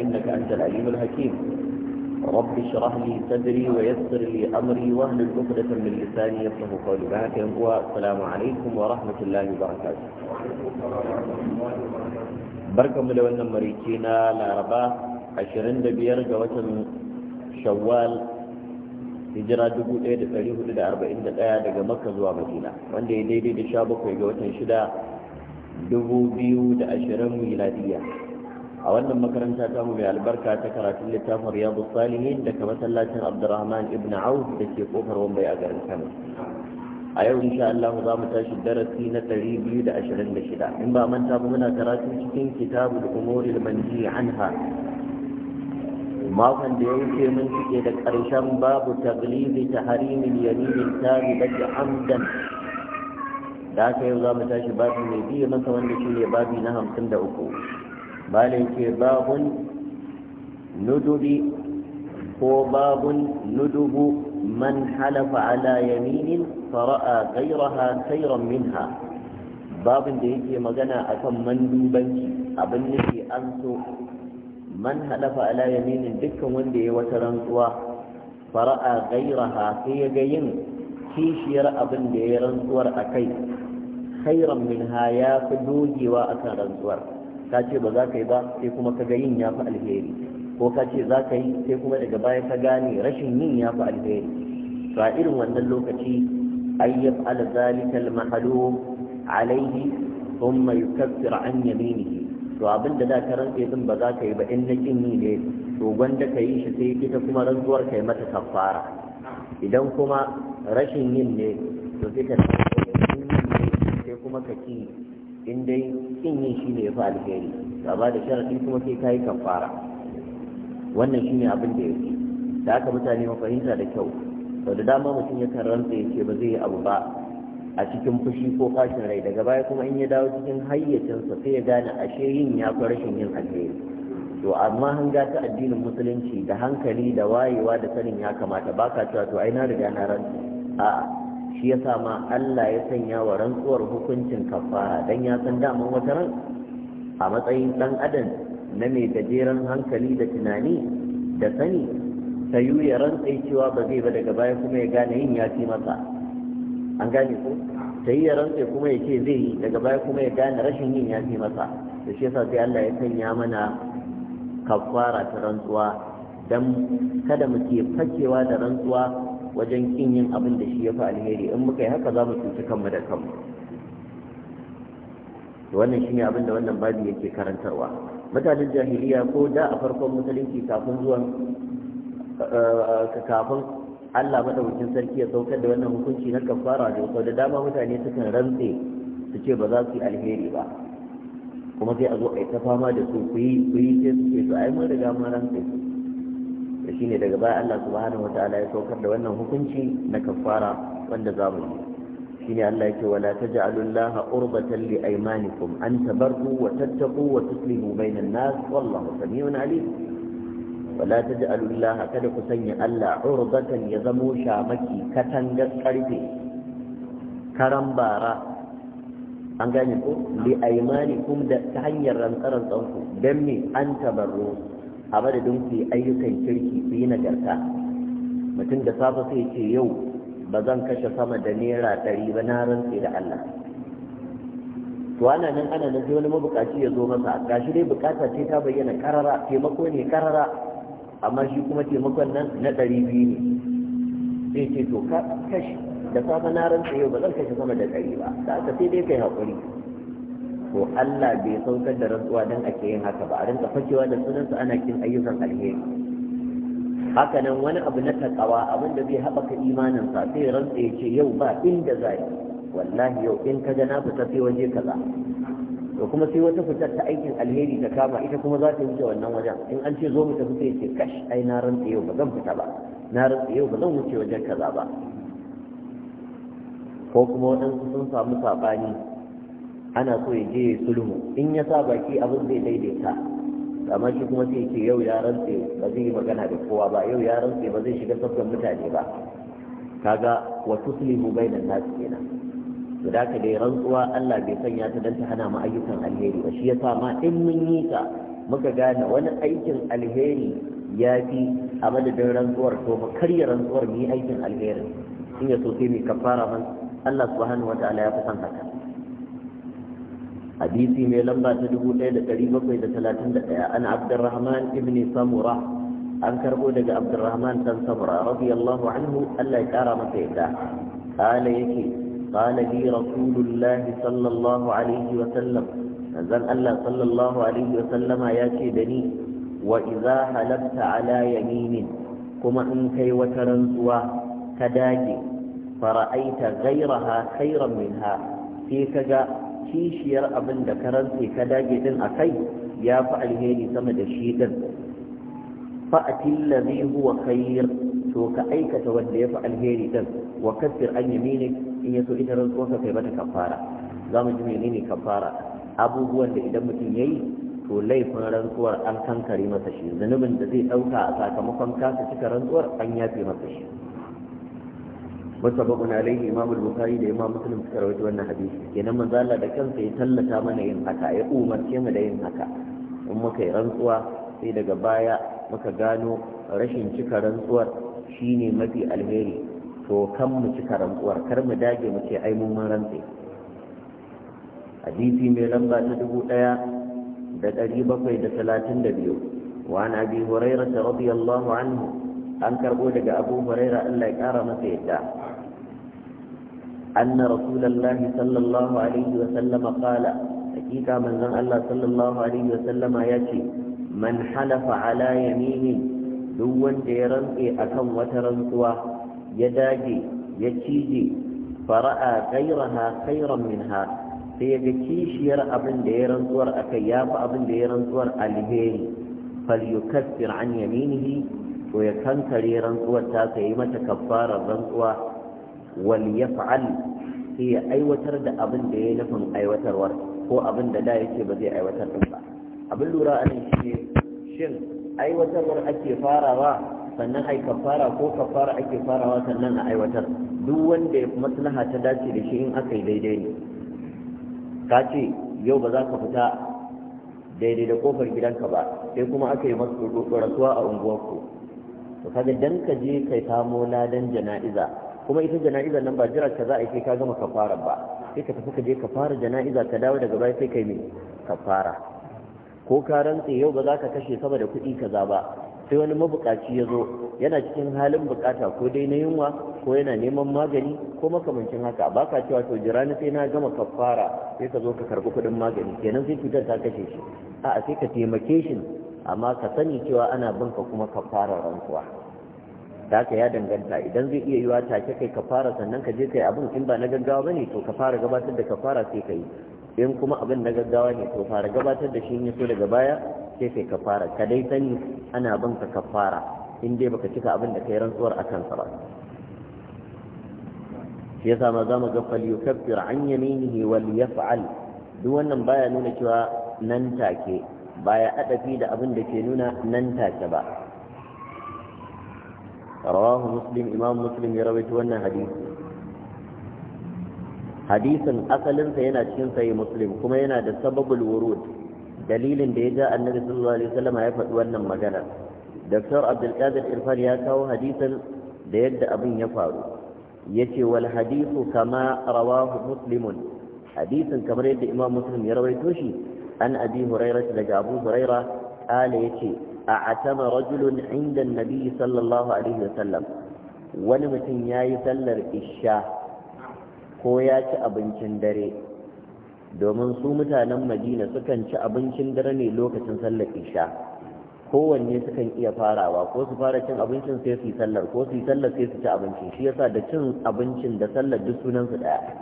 إنك أنت العليم الحكيم رب اشرح لي صدري ويسر لي أمري واهل عقدة من لساني يفقه قولي معك والسلام عليكم ورحمة الله وبركاته بركم لو مريكينا لعرباء عشرين دبير جوة شوال hijira 1441 daga makka zuwa دي دي ya daidai da شدا دبو watan 6 2020 miladiyya a wannan makaranta ta mu mai albarka ta karatun littafin riyadu salihin daga masallacin abdurrahman ibn auf da ke kofar wambai a garin kano a yau insha Allah za mu tashi darasi na da 226 in ba manta ba muna karatu cikin kitabu da da manji anha makon da ya wuce mun cike da ƙarshen babu taglizi ta harimin yaminin tari da amdan da aka yau za mu tashi babi mai biyu masa wanda shi ne babi na hamsin da uku malin ke babun nudubi ko babun nudubu man halafa ala yaminin fara'a gairaha khairan minha babin da yake magana akan mandubanci abin nufi an so man halafa ala yaminin dukkan wanda ya wata rantsuwa fara'a gairaha sai ya ga yin kishiyar abin da ya rantsuwar a kai khairan minha ya fi dogewa akan rantsuwar ka ce ba za ka yi ba sai kuma ka ga yin ya fi alheri ko ka ce za ka yi sai kuma daga baya ka gane rashin yin ya fi alheri to a irin wannan lokaci ayyab ala zalika al-mahalum alayhi thumma yukaffir an yaminihi to abin da ka rantse din ba za ka yi ba in na kin yi ne to gwanda ka yi shi sai ita kuma rantsuwar ka mata kafara idan kuma rashin yin ne to sai ka sai kuma ka ki in dai kin yi shi ne ya fi alheri ba da sharadi kuma sai ka yi kafara wannan shi ne abin da ya fi da aka mutane mafahimta da kyau sau da dama mutum ya kan rantsa ya ce ba zai yi abu ba a cikin fushi ko kashin rai daga baya kuma in ya dawo cikin hayyacinsa sai ya gane ashe yin ya fi rashin yin alheri to amma hanga ta addinin musulunci da hankali da wayewa da sanin ya kamata ba ka cewa to ai na riga na rantsa a'a shi ya sa ma Allah ya sanya wa rantsuwar hukuncin kafara dan ya san daman wata ran a matsayin dan adam na mai gajeren hankali da tunani da sani sayu ya rantsai cewa ba zai ba daga baya kuma ya gane yin ya fi masa an gane ko sai ya rantse kuma ya ce zai yi daga baya kuma ya gane rashin yin ya fi masa da shi ya sa sai Allah ya sanya mana kafara ta rantsuwa dan kada mu ke fakewa da rantsuwa wajen kin yin abin da shi ya fi alheri in muka yi haka za mu cuci kanmu da kanmu wannan shi ne abin da wannan babi yake karantarwa mutanen jahiliya ko da a farkon musulunci kafin zuwan eh, kafin Allah madaukakin sarki ya saukar da wannan hukunci na kafara da sau da dama mutane sukan rantse su ce ba za su yi alheri ba kuma sai a zo a yi ta fama da su ku yi ku yi sai su ce su ai mun riga mun rantse da shine daga baya Allah subhanahu wataala ya saukar da wannan hukunci na kafara wanda za mu yi shine Allah yake wala taj'alullaha urbatan li aymanikum an tabarru wa tattaqu wa tuslihu bainan nas wallahu samiun alim wala laha kada ku sanya Allah urbatan ya zamo shamaki katangar karfe karan bara an gane ko li aymanikum da ta hanyar tsanku dan me an tabarru a madadin ku ayyukan kirki ku yi nagarta mutum da safe sai ce yau ba zan kashe sama da naira ɗari ba na rantse da Allah to ana nan ana nan sai wani mabukaci ya zo masa gashi dai bukata ce ta bayyana karara taimako ne karara amma shi kuma taimakon nan na ɗari biyu ne sai ce to kashi da safe na rantse yau ba zan kashe sama da ɗari ba da aka sai dai kai haƙuri to Allah bai saukar da rantsuwa dan ake yin haka ba a rinka fakewa da sunansa ana kin ayyukan alheri haka nan wani abu na takawa abin da zai haɓaka imaninsa sai rantsa ya ce yau ba inda za yi wallahi yau in ka ga na fita sai waje kaza to kuma sai wata fitar ta aikin alheri ta kama ita kuma za ta wuce wannan wajen in an ce zo mu tafi sai ce kash ai na rantsa yau ba zan fita ba na rantsa yau ba zan wuce wajen kaza ba ko kuma waɗansu sun samu saɓani ana so ya je ya sulhu in ya sa baki abin zai daidaita amma shi kuma sai ce yau ya rantse ba zai yi magana da kowa ba yau ya rantse ba zai shiga sabbin mutane ba kaga wa tuslihu bainan nas kenan to da ka dai rantsuwa Allah bai sanya ta dan ta hana mu ayyukan alheri ba shi yasa ma in mun yi ta muka gane wani aikin alheri ya fi a madadin rantsuwar to ba karya rantsuwar mu yi aikin alheri in ya so sai mu kafara man Allah subhanahu wataala ya fi san haka hadisi mai lamba ta 1731 ana abdurrahman ibn samura an karbo daga abdurrahman dan samura radiyallahu anhu Allah ya kara masa yadda قال yake قال لي رسول الله صلى الله عليه وسلم نزل الله صلى الله عليه وسلم ياتي دني وإذا حلبت على يمين كما إن كي وترنزوا كداجي فرأيت غيرها خيرا منها فيك جاء kishiyar abin da ka rantse ka dage din a kai ya fi alheri sama da shi din fa'atil ladhi huwa khair to ka aikata wanda ya fi alheri din wa kaffir an yaminik in yaso ita ka kai mata kafara za mu ji menene kafara abubuwan da idan mutum yayi to laifin rantsuwar an kankare masa shi zunubin da zai ɗauka a sakamakon kasa cika rantsuwar an yafe masa shi musababun alaihi imam al-bukhari da imam muslim suka wannan hadisi kenan manzo Allah da kansa ya tallata mana yin haka ya umarce mu da yin haka in muka yi rantsuwa sai daga baya muka gano rashin cika rantsuwar shine mafi alheri to kan mu cika rantsuwar kar mu dage mu ce ai mun rantse hadisi mai lamba ta dubu ɗaya da dari bakwai da talatin da biyu wa an abi hurairah radiyallahu anhu an karɓo daga abu hurairah Allah ya kara masa yadda أن رسول الله صلى الله عليه وسلم قال حقيقة من ذن الله صلى الله عليه وسلم يأتي من حلف على يمينه دون ديرنقي أكم وترنسوا يداجي يتشيجي فرأى غيرها خيرا منها سيجتيشير أبن ديرنسور أكياف أبن ديرنسور ألهيه فليكفر عن يمينه ويكنكر يرنسور تاسيمة كفار الرنسوه wal yaf'al sai ya aiwatar da abin da ya nufin aiwatarwar ko abin da da yake ba zai aiwatar din ba abin lura a nan ne. shin aiwatarwar ake farawa sannan ai kafara ko kafara ake farawa sannan a aiwatar duk wanda ya maslaha ta dace da shi in aka yi daidai ne ka ce yau ba za ka fita daidai da kofar gidanka ba sai kuma aka yi masu rasuwa a unguwarku to kaga dan ka je kai samo ladan jana'iza kuma ita jana'izar nan ba jira ka za a yi ka gama kafara ba sai ka tafi ka je ka fara jana'iza ka dawo daga baya sai kai mai kafara ko ka rantse yau ba za ka kashe sama da kuɗi kaza ba sai wani mabukaci ya zo yana cikin halin bukata ko dai na yunwa ko yana neman magani ko makamancin haka ba ka cewa to jira ni sai na gama kafara sai ka zo ka karbi kuɗin magani kenan sai cutar ta kashe shi a'a sai ka taimake shi amma ka sani cewa ana bin ka kuma kafara rantsuwa da haka ya danganta idan zai iya yiwa take kai ka fara sannan ka je kai abin in ba na gaggawa bane to ka fara gabatar da kafara sai kai in kuma abin na gaggawa ne to fara gabatar da shi in so daga baya sai kai kafara ka dai sani ana bin ka kafara in dai baka cika abin da kai rantsuwar akan sa ba shi yasa ma mu ga fal yukaffir an yaminihi wal yaf'al duk wannan baya nuna cewa nan take baya adafi da abin da ke nuna nan take ba rawahu muslim imam muslim ya rawaito wannan hadisi hadisin asalinsa yana cikin sahih muslim kuma yana da sababul wurud dalilin da ya ja annabi sallallahu alaihi wasallam ya faɗi wannan magana Dr. Abdulkadir Irfan ya kawo hadisin da yadda abin ya faru yace wal hadithu kama rawahu muslimun hadisin kamar yadda imam muslim ya rawaito shi an abi hurairah daga abu hurairah kala yace أعتم رجل عند النبي صلى الله عليه وسلم ya yi sallar isha ko ya ci abincin dare domin su mutanen madina sukan ci abincin dare ne lokacin sallar isha kowanne sukan iya farawa ko su fara cin abincin sai su yi sallar ko su yi sallar sai su ci abincin shi yasa da cin abincin da sallar duk sunan su daya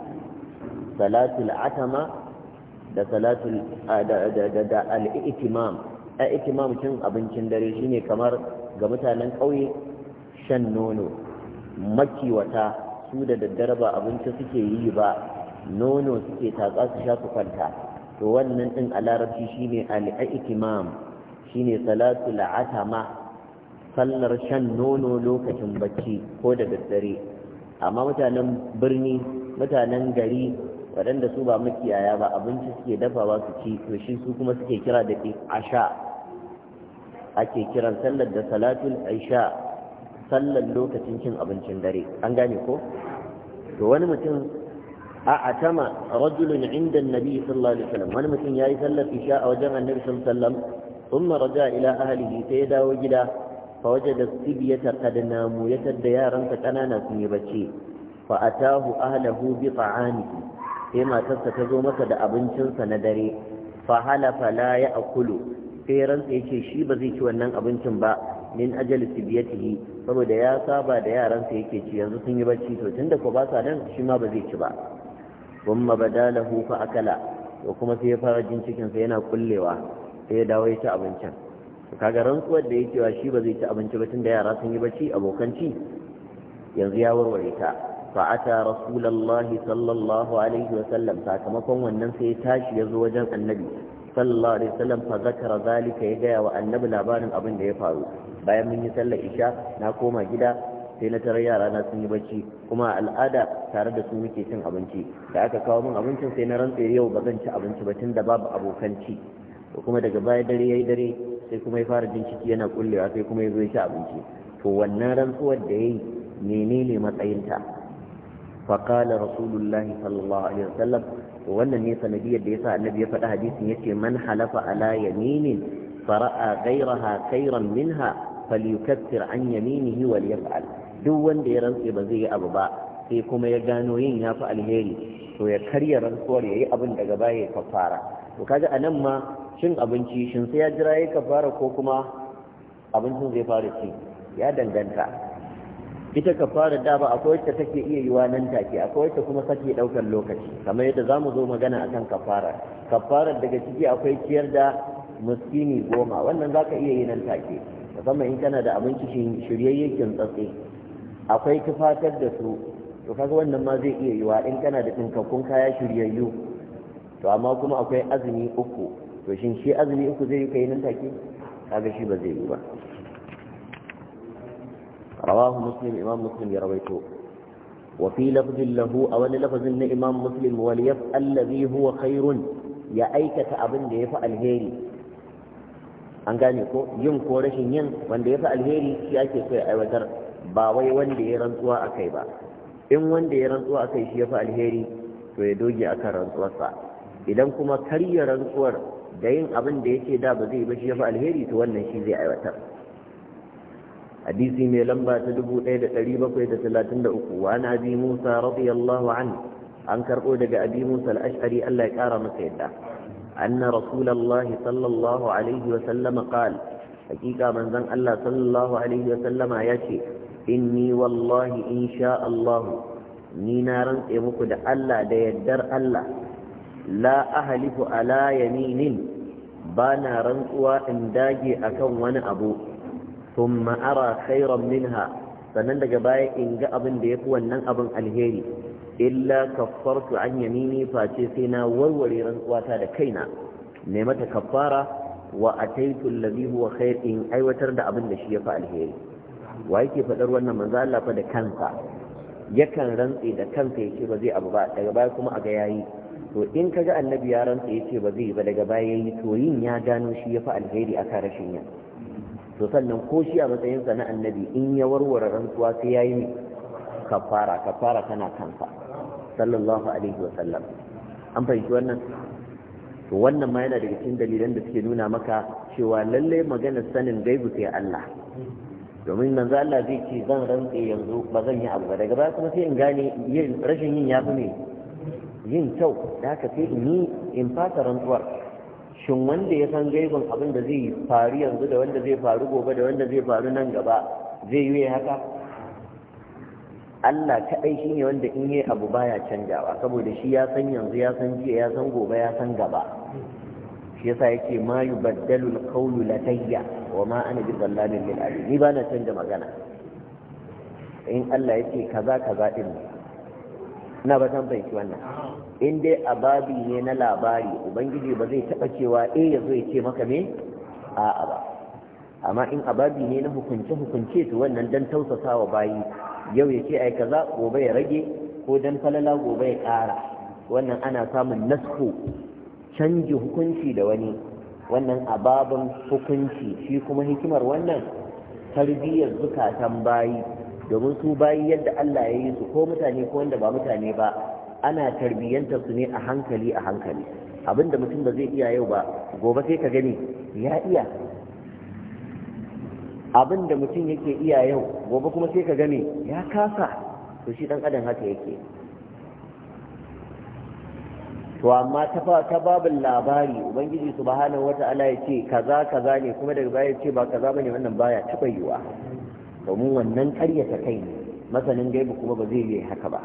salatul atama da salatul da da al-i'timam a itimam cin abincin dare shine kamar ga mutanen ƙauye shan nono makiwata su da daddare ba abinci suke yi ba nono suke tatsa su sha su kwanta to wannan ɗin a larabci ne al-itimam salatu Salatu ma sallar shan nono lokacin bacci ko da daddare amma mutanen birni mutanen gari waɗanda su ba makiyaya ba abinci suke dafa ba su ci to shi su kuma suke kira da asha ake kiran sallar da salatul aisha sallar lokacin cin abincin dare an gane ko to wani mutum a atama rajulun inda annabi sallallahu alaihi wasallam wani mutum yayi sallar isha a wajen annabi sallallahu alaihi wasallam thumma raja ila ahlihi sai ya dawo gida fa wajada sibiyata qad namu yatar da yaransa kanana sun yi bacci fa atahu ahlahu bi ta'amihi sai matarsa ta zo masa da abincinsa na dare fa Fala la ya akulu sai ransa yake shi ba zai ci wannan abincin ba min ajali tibiyatihi saboda ya saba da yaransa yake ci yanzu sun yi bacci to tunda ko ba sa nan shi ma ba zai ci ba kuma badalahu fa akala to kuma sai ya fara jin cikin sa yana kullewa sai ya dawo ya ci abincin to kaga rantsuwar da yake wa shi ba zai ci abinci ba tunda yara sun yi bacci abokan ci yanzu ya warware ta فأتى رسول الله صلى الله عليه وسلم كان wannan sai tashi yazo wajen annabi sallallahu alaihi wasallam fa zakara zalika ya gaya wa annabi labarin abin da ya faru bayan mun yi sallar isha na koma gida sai na tarar yara na sun yi bacci kuma al'ada tare da su muke cin abinci da aka kawo min abincin sai na rantse yau ba zan ci abinci ba tunda babu abokan ci kuma daga baya dare yayi dare sai kuma ya fara jin ciki yana kullewa sai kuma ya zo ya ci abinci to wannan rantsuwar da yayi menene matsayinta faƙala rasulullahi sallallahu alaihi wasallam wannan ne sanadiyar da yasa annabi ya faɗi hadisin yace man halafa ala yaminin fara'a gairaha khayran minha falyukaffir an yaminihi wal yaf'al duk wanda ya rantse ba zai yi abu ba sai kuma ya gano yin yafi alheri to ya karya rantsuwar yayi abin daga baya ya kafara to kaga anan ma cin abinci shin sai ya jira ya kafara ko kuma abincin zai fara ci ya danganta ita ka da ba akwai wacce take iya yiwa nan take akwai wacce kuma take daukar lokaci kamar yadda zamu zo magana akan kafara kafara daga ciki akwai ciyar da miskini goma wannan zaka iya yi nan take musamman in kana da abinci shiryayye tsatse akwai kifatar da su to kaga wannan ma zai iya yiwa in kana da dinkakkun kaya shiryayyu to amma kuma akwai azumi uku to shin shi azumi uku zai yi kai nan take kaga shi ba zai yi ba rawahu muslim imam muslim ya rawaito wa fi lafzin lahu a wani lafazin na imam muslim wal yaf'al ladhi huwa khairun ya aikata abin da yafi alheri an gane ko yin ko rashin yin wanda ya fi alheri shi ake so ya aiwatar ba wai wanda ya rantsuwa a kai ba in wanda ya rantsuwa a kai shi ya fi alheri to ya doge akan rantsuwarsa idan kuma karya rantsuwar da yin abin da ya ce, da ba zai ba shi ya fi alheri to wannan shi zai aiwatar hadisi mai lamba ta 1733 wa an abi musa radiyallahu anhu an karbo daga abi musa al-ash'ari Allah ya kara masa yadda anna rasulullahi sallallahu alaihi wa sallama qala hakika manzon Allah sallallahu alaihi wasallama ya ce inni wallahi insha allahu ni na rantse muku da Allah da yaddar Allah la ahlifu ala yaminin ba na rantsuwa in dage akan wani abu thumma ara khairan minha sannan daga baya in ga abin da yafi wannan abin alheri illa kafartu an yamini face sai na warware rantsuwata da kaina ne mata kaffara wa ataitu alladhi huwa khair in aiwatar da abin da shi yafi alheri wa yake faɗar wannan manzo Allah fa da kansa yakan rantsi da kansa yake ba zai abu ba daga baya kuma a ga yayi to in ka kaga annabi ya rantsi yace ba zai ba daga baya yayi to yin ya gano shi yafi alheri akan rashin yin to sannan ko shi a matsayinsa na annabi in ya warware rantsuwa sai ya yi kafara kafara tana kansa sallallahu alaihi sallam. an fahimci wannan to wannan ma yana daga cikin dalilan da suke nuna maka cewa lalle maganar sanin gaibu sai Allah domin manzo Allah zai ce zan rantse yanzu ba zan yi abu ba daga baya kuma sai in gane yin rashin yin yafi ne yin kyau da haka sai in yi in fasa rantsuwar shin wanda ya san gaibin abin da zai faru yanzu da wanda zai faru gobe da wanda zai faru nan gaba zai yi haka Allah kaɗai shi ne wanda in yi abu baya canjawa saboda shi ya san yanzu ya san jiya ya san gobe ya san gaba shi yasa yake ma yubaddalu alqawlu latayya wa ma ana bi zallamin lil ni ba na canja magana in Allah yake kaza kaza din na ba san fahimci wannan in dai ababi ne na labari ubangiji ba zai taɓa cewa eh ya zo ya ce maka me a'a ba amma in ababi ne na hukunce hukunce to wannan dan wa bayi yau ya ce ai kaza gobe ya rage ko dan falala gobe ya ƙara wannan ana samun nasko canji hukunci da wani wannan a hukunci shi kuma hikimar wannan tarbiyyar zukatan bayi domin su bayi yadda Allah ya yi su ko mutane ko wanda ba mutane ba ana tarbiyyanta su ne a hankali a hankali abinda mutum ba zai iya yau ba gobe sai ka gani ya iya abinda mutum yake iya yau gobe kuma sai ka gani ya kasa to shi dan adam haka yake to amma ta babin labari ubangiji subhanahu wata'ala ya ce kaza kaza ne kuma daga baya ya ce ba kaza bane wannan baya taɓa yiwa domin wannan karyata kai ne masanin gaibu kuma ba zai yi haka ba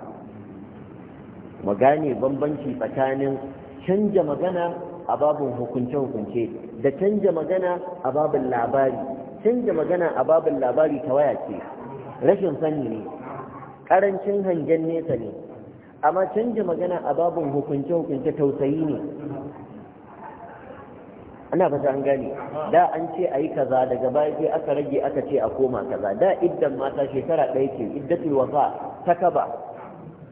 mu gane bambanci tsakanin canja magana a babin hukunce-hukunce da canja magana a babin labari canja magana a babin labari ta waya ce rashin sani ne ƙarancin hangen nesa ne amma canja magana a babin hukunce-hukunce tausayi ne ana fata an gane da an ce a yi kaza daga baya sai aka rage aka ce a koma kaza da idan mata shekara ɗaya ce iddatul wafa ta kaba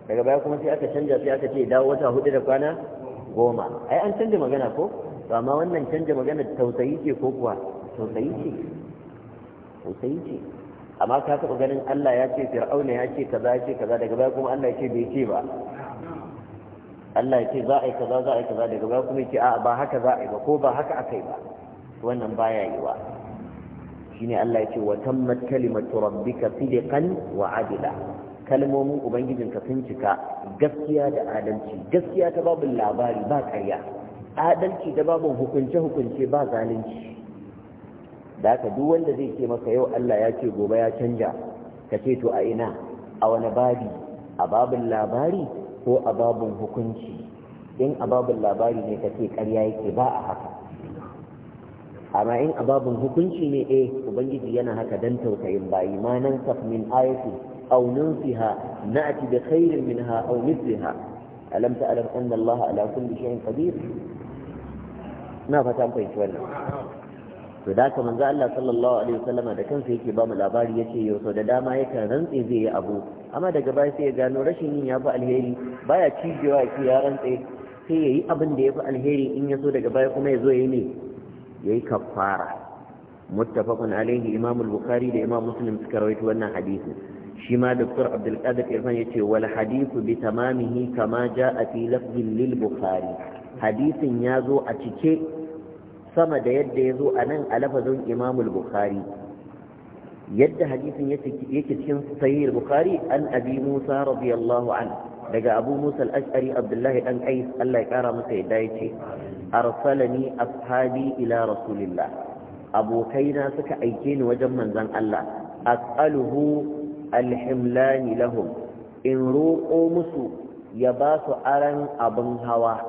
daga baya kuma sai aka canja sai aka ce dawo wata hudu da kwana goma ai an canja magana ko to amma wannan canja magana tausayi ce ko kuwa tausayi ce tausayi ce amma ka taɓa ganin Allah ya ce fir'auna ya ce kaza ya ce kaza daga baya kuma Allah ya ce bai ce ba Allah ya ce za a yi kaza za a yi kaza daga baya kuma ya ce a ba haka za a yi ba ko ba haka aka yi ba wannan baya yiwa shine Allah ya ce wa tammat kalimatu rabbika sidqan wa adila kalmomin ka sun cika gaskiya da adalci gaskiya ta babu labari ba ƙarya adalci da babu hukunce hukunce ba zalunci da haka duk wanda zai ce maka yau Allah ya ce gobe ya canja ka ce to a ina a wani babi a babin labari ko a hukunci in a labari ne ka ce ƙarya yake ba a haka amma in a hukunci ne eh ubangiji yana haka dan tausayin bayi ma nan saf min ayati aw nunsiha na'ti bi khairin minha aw mithliha alam ta'lam anna Allah ala kulli shay'in qadir na fata an fahimci wannan to da haka manzo Allah sallallahu alaihi wasallama da kansa yake ba mu labari yace yau da dama yakan rantse zai yi abu amma daga baya sai ya gano rashin yin ya fi alheri baya cijewa ya ya rantse sai ya yi abin da ya fi alheri in ya so daga baya kuma ya zo ya yi ne ya yi kafara muttafaqun alaihi imam bukhari da imam muslim suka rawaito wannan hadisi shi ma doktor abdul qadir irfan ce, wal hadisu bi tamamihi kama ja a fi lafzin lil bukhari hadisin ya zo a cike sama da yadda ya zo a nan a lafazin imam bukhari yadda hadisin yake cikin sahih bukhari an abi musa radiyallahu an daga abu musa al-ash'ari abdullahi dan qais Allah ya kara masa yadda yace arsalani ashabi ila rasulillah abokaina suka aike ni wajen manzon Allah as'aluhu alhimlani lahum in roƙo musu ya ba su aran abin hawa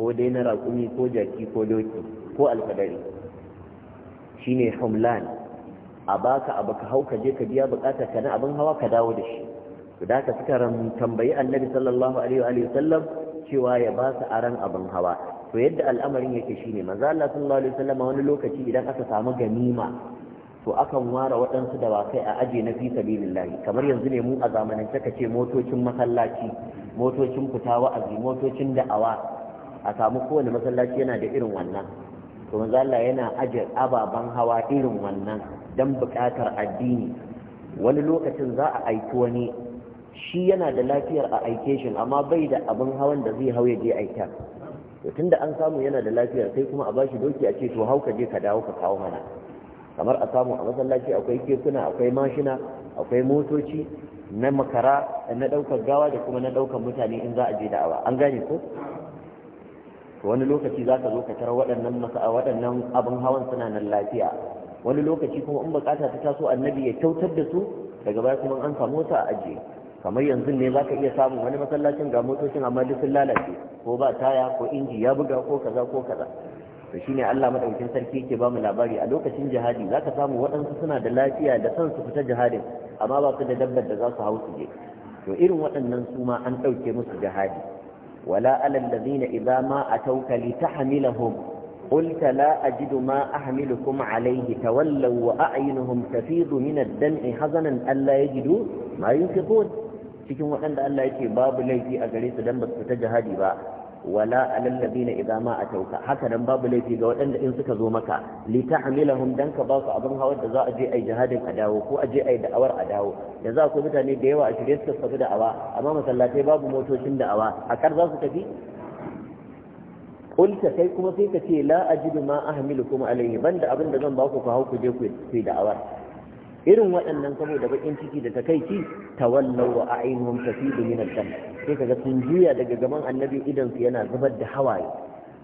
ko dai na raƙumi ko jaki ko doki ko alfadari shine humlan a baka abu ka hau ka je ka biya bukata ka na abin hawa ka dawo da shi To da ka suka tambayi annabi sallallahu alaihi wa sallam cewa ya ba su aran abin hawa to yadda al'amarin yake shine manzo Allah sallallahu alaihi wasallam wani lokaci idan aka samu ganima to akan ware waɗansu dawakai a aje na fi sabilillahi kamar yanzu ne mu a zamanin ka ce motocin masallaci motocin fita wa'azi motocin da'awa a samu kowane masallaci yana da irin wannan to manzo Allah yana aje ababan hawa irin wannan don buƙatar addini wani lokacin za a aiki wani shi yana da lafiyar a aike shi amma bai da abin hawan da zai hau ya je aika to tunda an samu yana da lafiyar sai kuma a bashi doki a ce to hau ka je ka dawo ka kawo mana kamar a samu a masallaci akwai kekuna akwai mashina akwai motoci na makara na ɗaukar gawa da kuma na ɗaukar mutane in za a je da'awa an gane ko wani lokaci za ka zo ka tara waɗannan waɗannan abin hawan suna nan lafiya wani lokaci kuma in bukata ta taso annabi ya kyautar da su daga baya kuma an samu wata a ajiye kamar yanzu ne za ka iya samun wani masallacin ga motocin amma duk sun lalace ko ba taya ko inji ya buga ko kaza ko kaza to shine Allah madaukakin sarki yake ba mu labari a lokacin jihadi za ka samu waɗansu suna da lafiya da son su fita jihadin amma ba su da dabbar da za su hau su je to irin waɗannan su ma an ɗauke musu jihadi wala alal ladina idza ma atauka litahmilahum قلت لا أجد ما أحملكم عليه تولوا وأعينهم تفيض من الدمع حزنا ألا يجدوا ما ينفقون cikin waɗanda Allah yake babu laifi a gare su dan ba su fita jihadi ba wala alal ladina idza ma atauka haka nan babu laifi ga waɗanda in suka zo maka li ta'milahum dan ka ba su abin hawar da za a je ai jihadin a dawo ko a je ai da'awar a dawo da za ku mutane da yawa a shirye suka tafi da'awa amma masallatai babu motocin da'awa a kar za su tafi kunta kai kuma sai ka ce la ajidu ma ahmilukum alayhi banda abin da zan ba ku ku hau je ku da da'awar irin waɗannan saboda bakin ciki da takaici tawallaw wa a'yunuhum tafidu min al-dam sai kaga sun juya daga gaban annabi idan su yana zubar da hawaye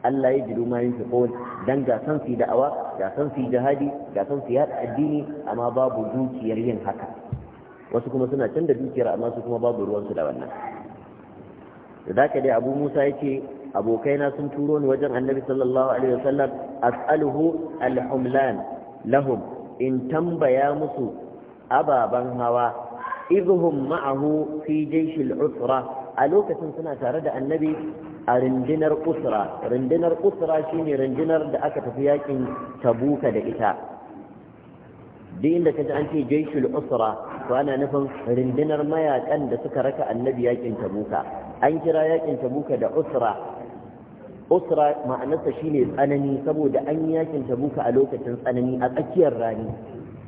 Allah ya jiru ma yanke kowal dan ga san su da'awa ga san su jihadi ga san su yada addini amma babu dukiyar yin haka wasu kuma suna can dukiyar amma su kuma babu su da wannan da dai abu musa yake abokaina sun turo ni wajen annabi sallallahu alaihi wasallam as'aluhu lahum in tambaya musu ababan hawa idhum ma'ahu fi jaysh al-usra a lokacin suna tare da annabi a rindinar usra Rindinar usra shine rindinar da aka tafi yakin tabuka da ita duk inda kaji an ce usra to ana nufin rindinar mayakan da suka raka annabi yakin tabuka an kira yakin tabuka da usra usra ma'anarsa shine tsanani saboda an yakin ta buka a lokacin tsanani a tsakiyar rani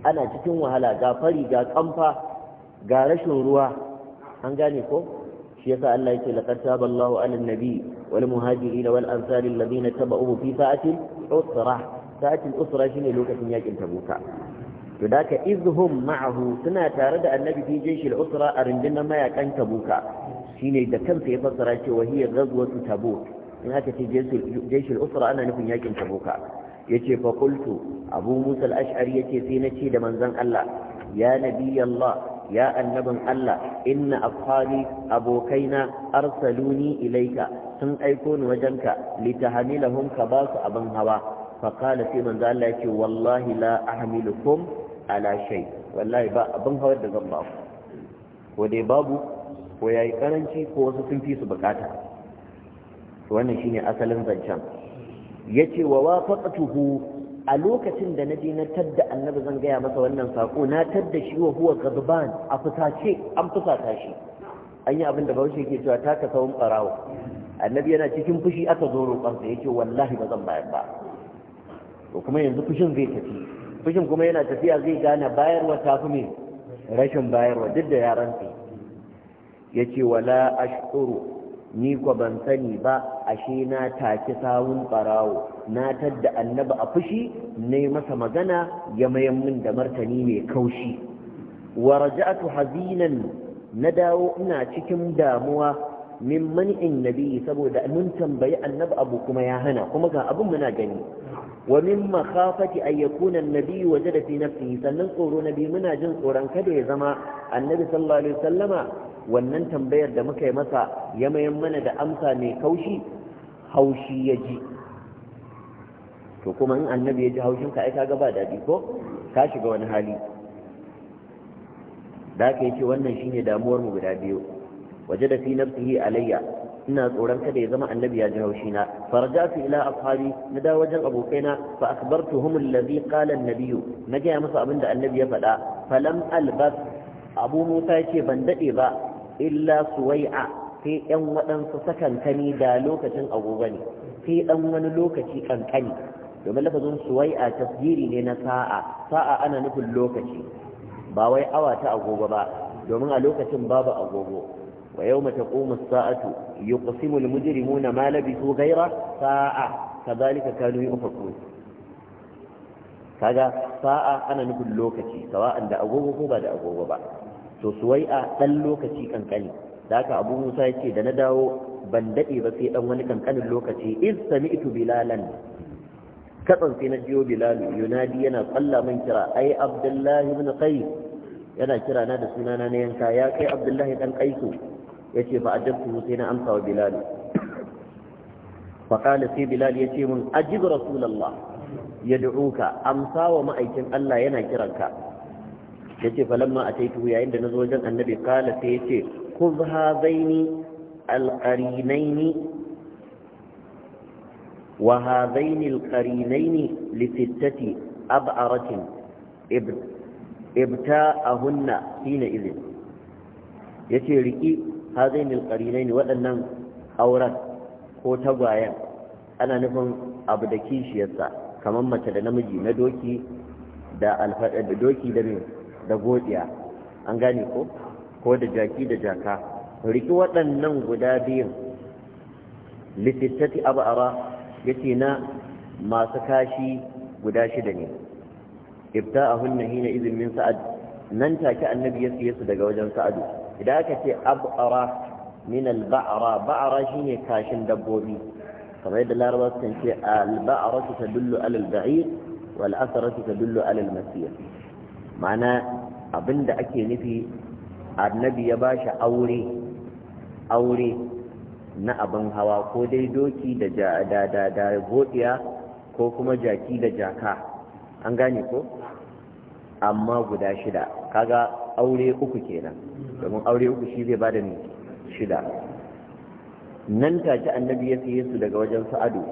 ana cikin wahala ga fari ga kamfa ga rashin ruwa an gane ko shi yasa Allah yake laqad taballahu 'alan nabi wal muhajirin wal ansar alladhina tabauhu fi sa'atin usra sa'atin usra shine lokacin yakin tabuka to da izhum ma'ahu suna tare da annabi fi jishil usra a rundunar mayakan tabuka shine da kansa ya fassara cewa hiya ghazwatu tabuk in aka ce jaishul usra ana nufin yakin tabuka yace fa qultu abu ashari yace sai na ce da manzan Allah ya nabi Allah ya annabin Allah inna afhali abokaina arsaluni ilaika sun aiko ni wajenka litahamilahum ka ba su abin hawa fa sai manzon Allah yace wallahi la ahmilukum ala shay wallahi ba abin hawa da zan ba ku ko dai babu ko yayi karanci ko wasu sun fi su bukata wannan shine asalin zancen yace wa wafaqtuhu a lokacin da naje na tadda annabi zan gaya masa wannan sako na tadda shi wa huwa gadban a fusace, an fusata shi an yi abin da bahaushe yake cewa ta ka sawun barawo annabi yana cikin fushi aka zo roƙonsa yace wallahi ba zan bayar ba to kuma yanzu fushin zai tafi fushin kuma yana tafiya zai gane bayarwa ta fi mai rashin bayarwa duk da yaran sai yace wala ashkuru ni ko ban sani ba ashe na taki sawun barawo na tadda annabi a fushi ne masa magana ya mayan min da martani mai kaushi wa raja'atu hazinan na dawo ina cikin damuwa min mani'in nabi saboda mun tambayi annabi abu kuma ya hana kuma ga abin muna gani wa min makhafati an yakuna an wajada fi nafsihi sannan tsoro nabi muna jin tsoron kada ya zama annabi sallallahu alaihi wasallama wannan tambayar da muka yi masa ya mana da amsa mai kaushi haushi ya ji to kuma in annabi ya ji haushinka ai kaga ba daɗi ko ka shiga wani hali da aka ce wannan shine damuwar mu guda biyu waje da fi nafsihi alayya ina tsoron kada ya zama annabi ya ji haushi na farajatu ila ashabi na da wajen abokaina fa akhbartuhum alladhi qala an-nabiy na ga masa abin da annabi ya faɗa falam albas abu musa ce ban daɗe ba illa suwai'a sai yan waɗansu sakankani da lokacin agogo ne sai ɗan wani lokaci kankani domin lafazin suwai'a tasgiri ne na sa'a sa'a ana nufin lokaci ba wai awa ta agogo ba domin a lokacin babu agogo wa yau mata ƙomus sa'atu yi ƙusimul mujirimu na malabi su gaira sa'a ka zalika kanu yi ufaku kaga sa'a ana nufin lokaci sawa'an da agogo ko ba da agogo ba to a ɗan lokaci kankani da haka abu musa ya ce da na dawo ban daɗe ba sai ɗan wani kankanin lokaci sami sami'tu bilalan katsan sai na jiyo bilal yunadi yana tsalla man kira ai abdullahi ibn qais yana kira na da sunana na yanka ya kai abdullahi dan qaisu yace fa ajabtu sai na amsa wa bilal fa qala sai bilal yace mun ajib rasulullah yad'uka amsa wa ma'aikin Allah yana kiranka yace falamma ataitu yayin da nazo wajen annabi kala sai yace kuz hadaini alƙarinaini wa hadaini alqarinaini li sittati ab'aratin ibta'ahunna hina idhin yace ha hadaini alƙarinaini waɗannan auren ko tagwayen ana nufin abu da kishiyarsa kamar mace da namiji na doki da doki da mai da godiya an gane ko ko da jaki da jaka riki waɗannan guda biyun littattati abu ara ya ce na masu kashi guda shida ne ibta a hunna hina izinin sa'ad nan take annabi ya siye su daga wajen sa'adu idan aka ce abu ara min al-ba'ara shi shine kashin dabbobi kamar yadda laraba sukan ce al-ba'ara tadullu ala al-ba'ir wal asara tadullu ala al-masir mana abinda ake nufi annabi ya ba shi aure aure na abin hawa ko dai doki da da godiya ko kuma jaki da jaka an gane ko amma guda shida kaga aure uku kenan domin aure uku shi zai bada shida nan take annabi ya siye su daga wajen sa'adu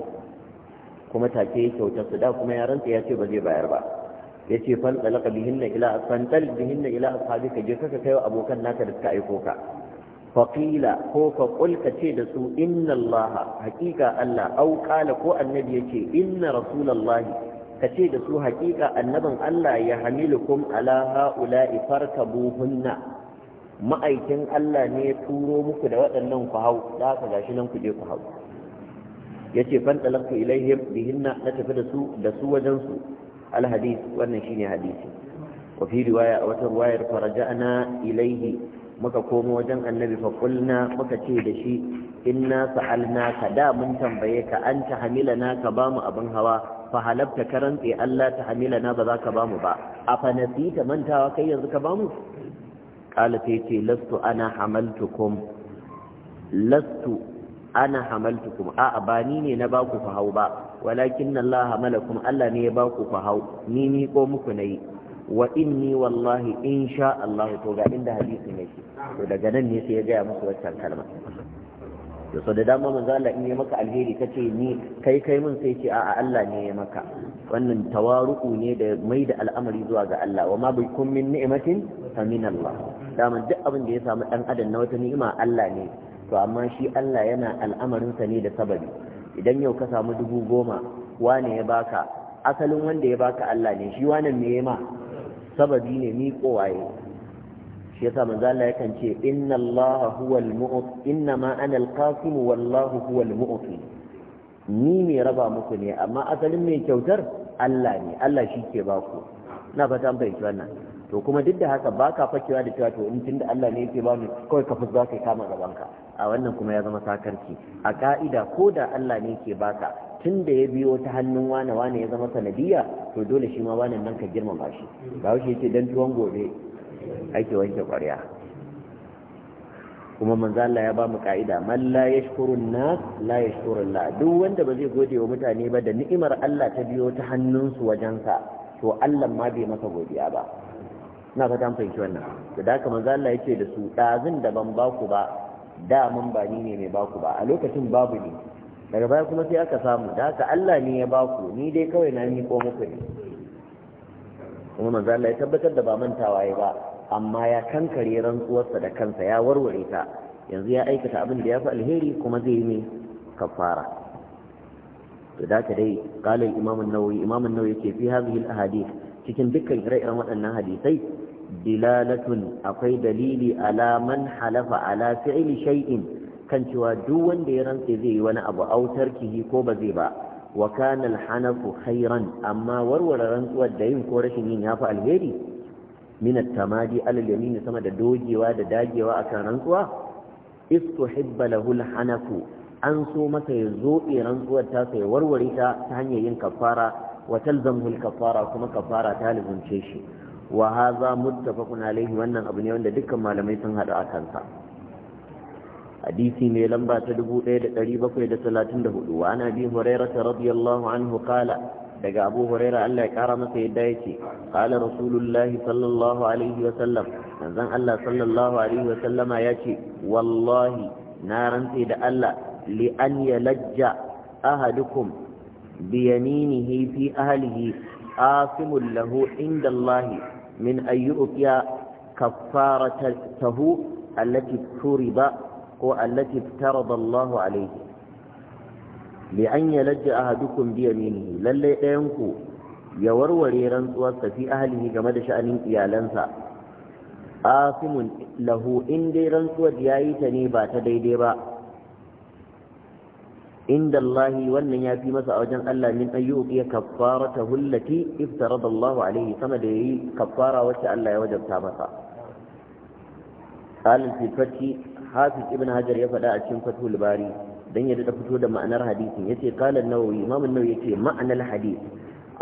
kuma take ya kyauta su da kuma yaransa ya ce ba zai bayar ba ya ce fantalaka bihinna ila fantal bihinna ila ashabika je kaka kai abokan naka da suka aiko ka faqila ko fa ka ce da su inna allaha haqiqa allah au qala ko annabi yace inna rasulullahi kace da su haqiqa annaban allah ya hamilukum ala haula'i farkabuhunna ma'aikin allah ne ya turo muku da waɗannan ku hau da haka gashi nan ku je ku hau yace fantalaka ilaihim bihinna na tafi da su da su wajen su alhadis wannan shine hadisi wa fi riwaya a wata riwayar faraja'na ilaihi muka komo wajen annabi fa kulna muka ce da shi inna ka da mun tambaye ka an ta hamilana ka bamu abin hawa fa halabta karantse Allah ta hamilana ba za ka bamu ba afa nasita mantawa kai yanzu ka bamu qala sai ce lastu ana hamaltukum lastu ana hamaltukum a'a ba ni ne na baku fa hau ba walakin Allah kuma Allah ne ya ba ku hau ni ni ko muku nayi wa inni wallahi in sha Allah to ga inda hadisi ne ke. to daga nan ne sai ya gaya musu wancan kalma to so da dama manzo Allah in ya maka alheri kace ni kai kai mun sai ce a'a Allah ne ya maka wannan tawaruku ne da mai da al'amari zuwa ga Allah wa ma bikum min ni'matin fa min Allah dama duk abin da ya samu dan adam na wata ni'ima Allah ne to amma shi Allah yana al'amarin sa ne da sababi idan yau ka samu dubu goma wane ya baka asalin wanda ya baka Allah ne shi wannan me ma sababi ne mi kowaye shi yasa manzo Allah yakan ce inna Allah al mu'ti inna ma ana al-qasim wallahu al mu'ti ni me raba muku ne amma asalin mai kyautar Allah ne Allah shi ke baku na fata an fahimci wannan to kuma duk da haka ba ka fakewa da cewa to in tun da Allah ne yake ba mu kawai ka fuska kai kama gaban ka a wannan kuma ya zama sakarci a ka'ida ko da Allah ne yake baka tun da ya biyo ta hannun wane wane ya zama sanadiyya to dole shi ma wannan nan ka girmama shi ba shi yake dan tuwon gobe ake wanke ƙwarya kuma manzo Allah ya ba mu ka'ida man yashkurun nas la la duk wanda ba zai gode wa mutane ba da ni'imar Allah ta biyo ta hannunsu wajensa to Allah ma bai masa godiya ba na fata an fahimci wannan to da haka manzo Allah yake da su dazin da ban ba ku ba da mun ba ni ne mai ba ku ba a lokacin babu ne daga baya kuma sai aka samu da haka Allah ne ya ba ku ni dai kawai na ni ko muku ne kuma manzo Allah ya tabbatar da ba mantawa ya ba amma ya kankare rantsuwarsa da kansa ya warware ta yanzu ya aikata abin da ya fi alheri kuma zai yi mai kafara to da ka dai qala al-imam an-nawawi imam an-nawawi yake fi hadhihi al-ahadith cikin dukkan ire-iren waɗannan hadisai dilalatun akwai dalili ala man halafa ala fi'li shay'in kan cewa duk wanda ya rantse zai yi wani abu autar kihi ko ba zai ba wa kana hanafu khairan amma warware rantsuwar da yin ko rashin yin yafi alheri min at-tamadi alal yamin sama da dogewa da dagewa akan rantsuwa istuhibba lahu al an so masa ya zobe rantsuwar ta sai warware ta ta hanyar yin kafara wa talzamu al kuma kafara ta lizunce shi wa haza muttafaqun alaihi wannan abu ne wanda dukkan malamai sun hada a kansa hadisi mai lamba ta 1734 wa ana bi hurairah radiyallahu anhu qala daga abu hurairah Allah ya kara masa yadda yake qala rasulullahi sallallahu alaihi wa sallam manzon Allah sallallahu alaihi wa sallama yace wallahi na rantse da Allah li an yalajja ahadukum bi yaminihi fi ahlihi asimul lahu inda Allahi. min an yu'tiya kaffaratahu allati turiba ko allati tarada Allah alayhi li an yalajja ahadukum bi yaminihi lalle ɗayan ku ya warware rantsuwarsa safi ahli game da sha'anin iyalansa asimun lahu in dai rantsuwar yayi ta ne ba ta daidai ba inda wannan ya fi masa a wajen Allah min ayyu ya kaffara ta hullati iftarada Allah alaihi sama da yayi kaffara wacce Allah ya wajabta masa qala al hafiz ibn hajar ya faɗa a cikin fathul bari dan ya da fito da ma'anar hadisin yace qala an-nawawi imam an-nawawi ma'anar hadis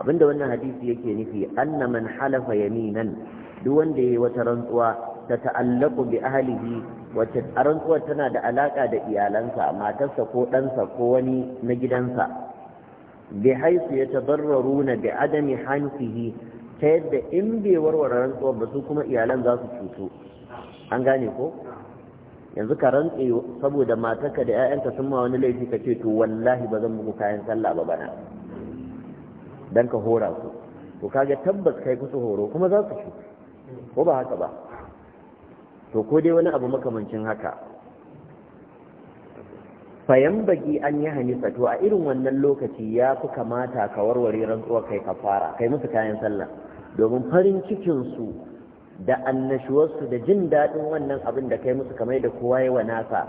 abinda wannan hadisin yake nufi anna man halafa yaminan duk wanda yayi wata rantsuwa ta ta'allaku bi ahlihi wacce a rantsuwar tana da alaƙa da iyalansa matarsa ko ɗansa ko wani na gidansa bai haisu ya tabarraru na da adami hansihi ta yadda in bai warware rantsuwar ba su kuma iyalan za su cutu an gane ko yanzu ka rantse saboda matarka da 'ya'yanka sun ma wani laifi ka ce to wallahi ba zan muku kayan sallah ba bana dan ka hora su to kaga tabbas kai kusa horo kuma za su cutu ko ba haka ba to ko dai wani abu makamancin haka fayan baki an yi hanifa to a irin wannan lokaci ya fi kamata ka warware rantsuwar kai ka fara kai musu kayan sallah domin farin cikinsu da annashuwarsu da jin daɗin wannan abin da kai musu kamar da kowa yi wa nasa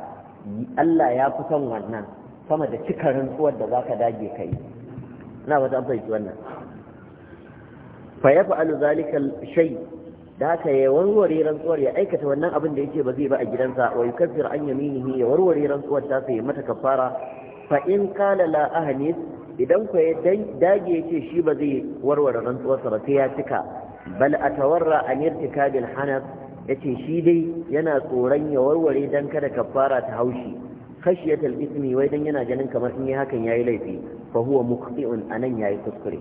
Allah ya fi son wannan sama da cika rantsuwar da za ka dage ka yi na wata ta amfani wannan fa ya fa'alu zalikal shay da ka yi warware rantsuwar ya aikata wannan abin da yake ba zai ba a gidansa wa yukaffir an yaminihi ya warware rantsuwar ta sai mata kafara fa in qala la ahnis idan ko ya dage yace shi ba zai warware rantsuwar sa ba sai ya cika bal atawarra an bil hanaf yace shi dai yana tsoron ya warware dan kada kafara ta haushi khashiyatul ismi wai dan yana ganin kamar in yi hakan yayi laifi fa huwa muqti'un anan yayi kuskure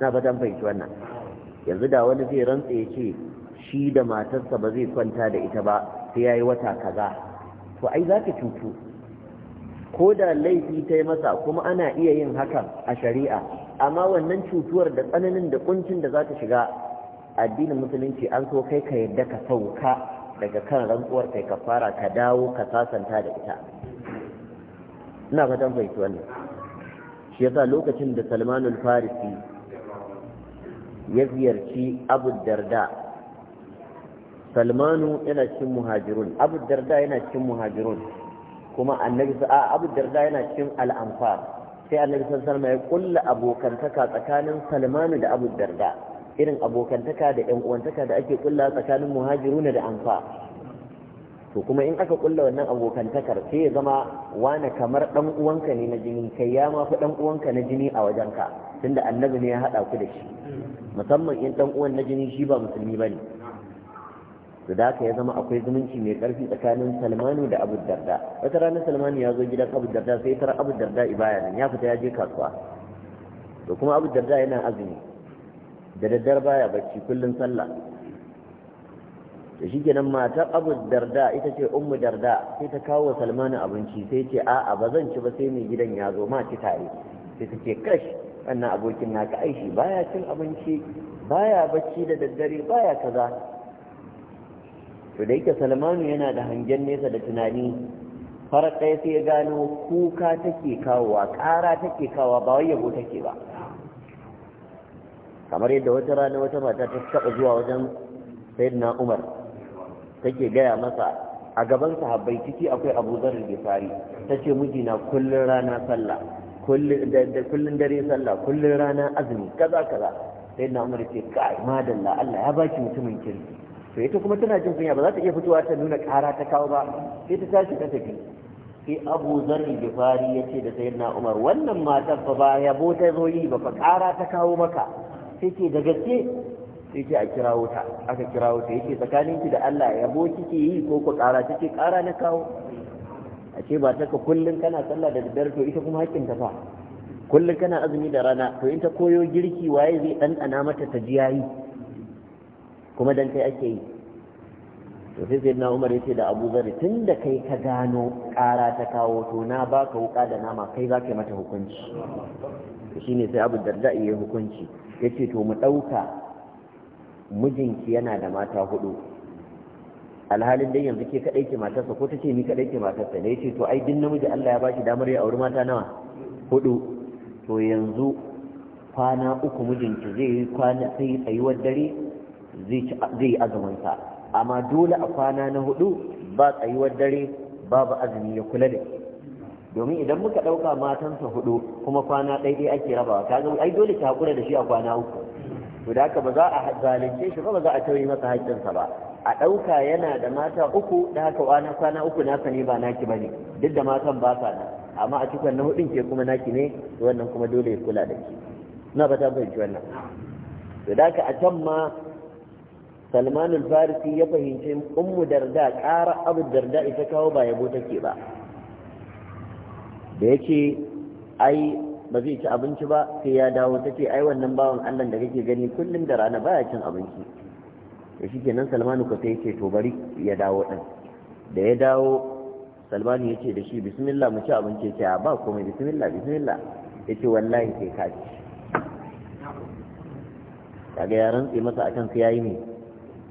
na fatan fahimci wannan yanzu da wani zai rantsa ya ce shi da matarsa ba zai kwanta da ita ba sai ya yi wata kaza to ai za ka cutu ko da laifi ta yi masa kuma ana iya yin hakan a shari'a amma wannan cutuwar da tsananin da kuncin da za ta shiga addinin musulunci an so kai ka yadda ka sauka daga kan rantsuwar kai ka fara ka dawo ka sasanta da ita ina fatan fahimci wannan shi yasa lokacin da salmanul farisi ya ziyarci abu darda salmanu yana cikin muhajirun abu darda yana cikin muhajirun kuma annabi a abu darda yana cikin al'amfar sai annabi sallallahu alaihi ya kulla abokantaka tsakanin salmanu da abu darda irin abokantaka da yan uwantaka da ake kulla tsakanin muhajiruna da anfar to kuma in aka kulla wannan abokantakar sai ya zama wani kamar dan uwanka ne na jini kai ya ma fi dan uwanka na jini a wajenka tunda annabi ne ya hada ku da shi musamman in dan uwan na jini shi ba musulmi bane to da ya zama akwai zumunci mai karfi tsakanin Salmanu da Abu Darda wata rana Salmanu ya zo gidan Abu Darda sai tara Abu Darda ibaya ya fita ya je kasuwa to kuma Abu Darda yana azumi da daddare baya bacci kullun sallah da shi kenan matar abu darda ita ce ummu darda sai ta kawo salmanu abinci sai ce a'a ba zan ci ba sai mai gidan ya zo ma ci tare sai ta ce kash wannan abokin naka aishi baya cin abinci baya bacci da daddare baya kaza to da yake salmanu yana da hangen nesa da tunani farar ɗaya sai ya gano kuka take kawowa ƙara take kawowa ba wai yabo take ba kamar yadda wata rana wata mata ta taɓa zuwa wajen sayyidina umar take gaya masa a gaban sahabbai ciki akwai Abu da al Ta tace mijina kullun rana sallah kullun dare sallah kullun rana azumi kaza kaza sai na Umar ce kai madalla Allah ya baki mutumin kirki to ita kuma tana jin kunya ba za ta iya fitowa ta nuna kara ta kawo ba sai ta tashi ta tafi sai Abu da al ya yace da sayyidina Umar wannan matar fa ba yabo ta zo yi ba fa kara ta kawo maka sai ce da gaske Sai ce a kira wuta aka kira wuta yake tsakaninki da Allah yabo kike yi ko ku ƙara kike ƙara na kawo a ce ba ta ka kullum kana sallah da daddare to ita kuma hakkin ta fa kullum kana azumi da rana to in ta koyo girki waye zai ɗanɗana mata ta ji yayi kuma dan kai ake yi to sai sai na umar yace da abu Zar tun da kai ka gano ƙara ta kawo to na baka wuka da nama kai za ka yi mata hukunci shi shine sai abu darda yayi hukunci yace to mu ɗauka mijinki yana da mata hudu alhalin dai yanzu ke kadai ke matarsa ko ta ce ni kadai ke matarsa ne ce to ai din namiji Allah ya bashi damar ya auri mata nawa hudu to yanzu kwana uku mijinki zai yi kwana sai tsayuwar dare zai yi azumin sa amma dole a kwana na hudu ba tsayuwar dare babu azumi ya kula da domin idan muka dauka matansa hudu kuma kwana ɗaya ake rabawa kaga ai dole ta hakura da shi a kwana uku to da haka ba za a zalunce shi ba ba za a tauye masa haƙƙinsa ba a ɗauka yana da mata uku da haka kwana kwana uku naka ne ba naki ba ne duk da matan ba sa nan amma a cikin na hudun ke kuma naki ne wannan kuma dole ya kula da ki na ba ta fahimci wannan to da haka a can ma Salman al-Farisi ya fahimci ummu darda ƙara abu darda ita kawo ba yabo take ba da yake ai ba zai ci abinci ba sai ya dawo ta ce ai wannan bawan Allah da kake gani kullum da rana baya cin abinci shi kenan Salmanu ko sai ce to bari ya dawo din da ya dawo Salmanu ya ce da shi bismillah mu ci abinci ya ce a ba komai bismillah bismillah ya ce wallahi sai ka ci kaga ya rantse masa akan sai yayi ne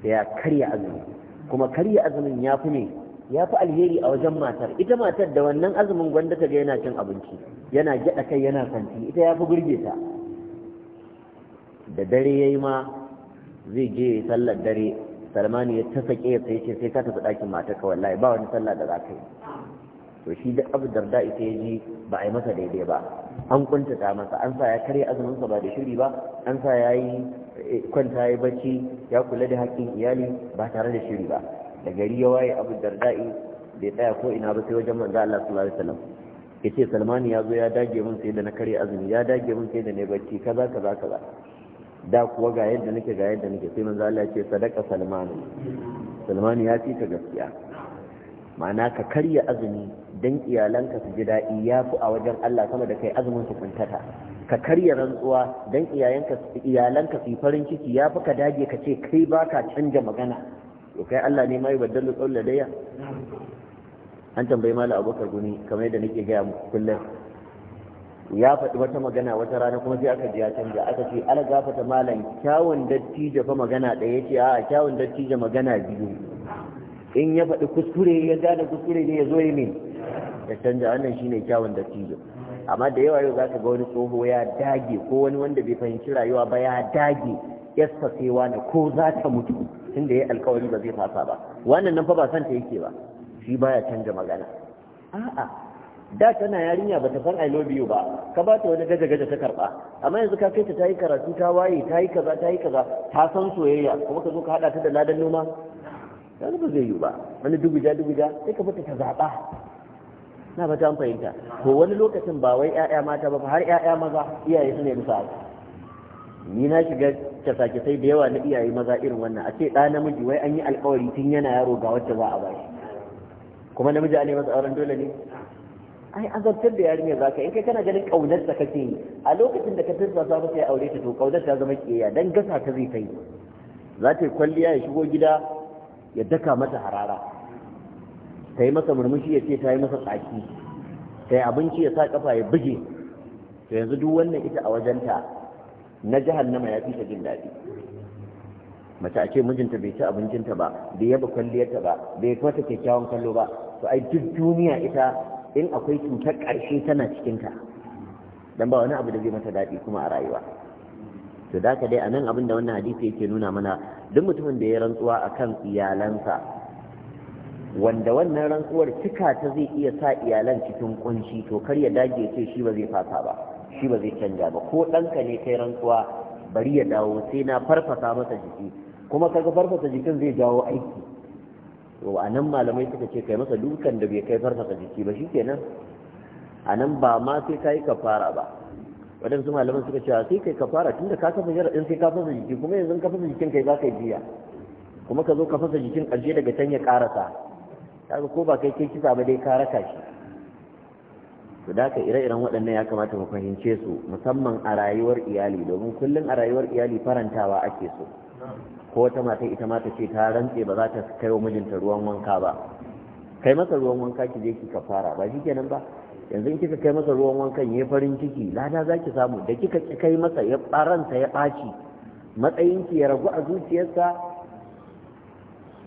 sai ya karya azumi kuma karya azumin ya fi ne ya fi alheri a wajen matar ita matar da wannan azumin gwanda ta ga yana cin abinci yana gyada kai yana kanti. ita ya fi burge ta da dare ya ma zai je sallar dare salmani ya ta sake ya sai ce sai ka tafi ɗakin matar ka wallahi ba wani sallah da za ka yi to shi da abu darda ita ya ji ba a yi masa daidai ba an kuntata masa an sa ya karya azuminsa ba da shiri ba an sa ya yi eh, kwanta ya bacci ya kula da haƙƙin iyali ba tare da shiri ba da gari ya waye abu darda'i bai tsaya ko ina ba sai wajen manzo Allah sallallahu alaihi wasallam yace salmani ya zo ya dage mun sai da na kare azumi ya dage mun sai da ne bacci kaza kaza kaza da kuwa ga yadda nake ga yadda nake sai manzo Allah yace ce sadaka salmani salmani ya fita gaskiya ma'ana ka karya azumi don iyalanka su ji daɗi ya fi a wajen Allah sama da kai azumin su kuntata ka karya rantsuwa don iyalanka su yi farin ciki ya fi ka dage ka ce kai ba ka canja magana to kai Allah ne ma yubaddalu da daya an tambayi mala abubakar guni kamar yadda nake gaya muku kullum ya faɗi wata magana wata rana kuma sai aka ji ya canja aka ce ala gafata malam kyawun da fa magana ɗaya yace a kyawun dattijo magana biyu in ya faɗi kuskure ya gane kuskure ne ya zo ya ne ya canja wannan shine kyawun dattijo amma da yawa yau zaka ga wani tsoho ya dage ko wani wanda bai fahimci rayuwa ba ya dage yassa sai wani ko za ta mutu tunda yi alkawari ba zai fasa ba wannan nan fa ba ta yake ba shi baya canja magana a'a da tana yarinya bata san I love you ba ka ba ta wani gaje gaje ta karba amma yanzu ka kai ta tayi karatu ta waye tayi kaza tayi kaza ta san soyayya kuma ka zo ka hada ta da ladan noma yanzu ba zai yi ba wani dubuja-dubuja sai ka fita ta zaba na ta amfani fahimta Ko wani lokacin ba wai 'ya'ya mata ba har 'ya'ya maza iyaye su ne ni na shiga kyasa da yawa na iyaye maza irin wannan a ce ɗa namiji wai an yi alkawari tun yana yaro ga wacce za a bashi kuma namiji ne masa auren dole ne ai azabtar da yarinya za ka in kai kana ganin ƙaunar ta kake yi a lokacin da ka tarsa za ka yi aure ta to ƙaunar ta zama kiyaya dan gasa ta zai kai. za ta kwalliya ya shigo gida ya daka mata harara ta yi masa murmushi ya ce ta yi masa tsaki ta yi abinci ya sa kafa ya buge to yanzu duk wannan ita a wajenta na jahannama ya fi ta jin daɗi mace a ce mijinta bai ci abincinta ba bai yaba kwalliyarta ba bai kwata kyakkyawan kallo ba to ai duk duniya ita in akwai cutar ƙarshe tana cikinta dan ba wani abu da zai mata daɗi kuma a rayuwa to da dai a nan abin da wannan hadisi yake nuna mana duk mutumin da ya rantsuwa akan iyalansa wanda wannan rantsuwar cika ta zai iya sa iyalan cikin kunci to kar ya dage ce shi ba zai fasa ba shi ba zai canja ba ko ɗanka ne kai rantsuwa bari ya dawo sai na farfasa masa jiki kuma kaga farfasa jikin zai jawo aiki to a nan malamai suka ce kai masa dukan da bai kai farfasa jiki ba shikenan a nan ba ma sai ka yi kafara ba waɗansu malaman suka ce sai kai kafara tunda ka kafa din sai ka fasa jiki kuma yanzu ka fasa jikin kai za ka jiya kuma ka zo ka fasa jikin ƙarshe daga can ya ƙarasa kaga ko ba kai kai kisa ba dai ka raka shi to da ka ire-iren waɗannan ya kamata mu fahimce su musamman a rayuwar iyali domin kullum a rayuwar iyali farantawa ake so ko wata mata ita ma ta ce ta rantse ba za ta kai wa mijinta ruwan wanka ba kai masa ruwan wanka ki je ki kafara ba shi kenan ba yanzu kika kai masa ruwan wankan ya farin ciki lada za ki samu da kika ki kai masa ya ɓaranta ya ɓaci matsayin ki ya ragu a zuciyarsa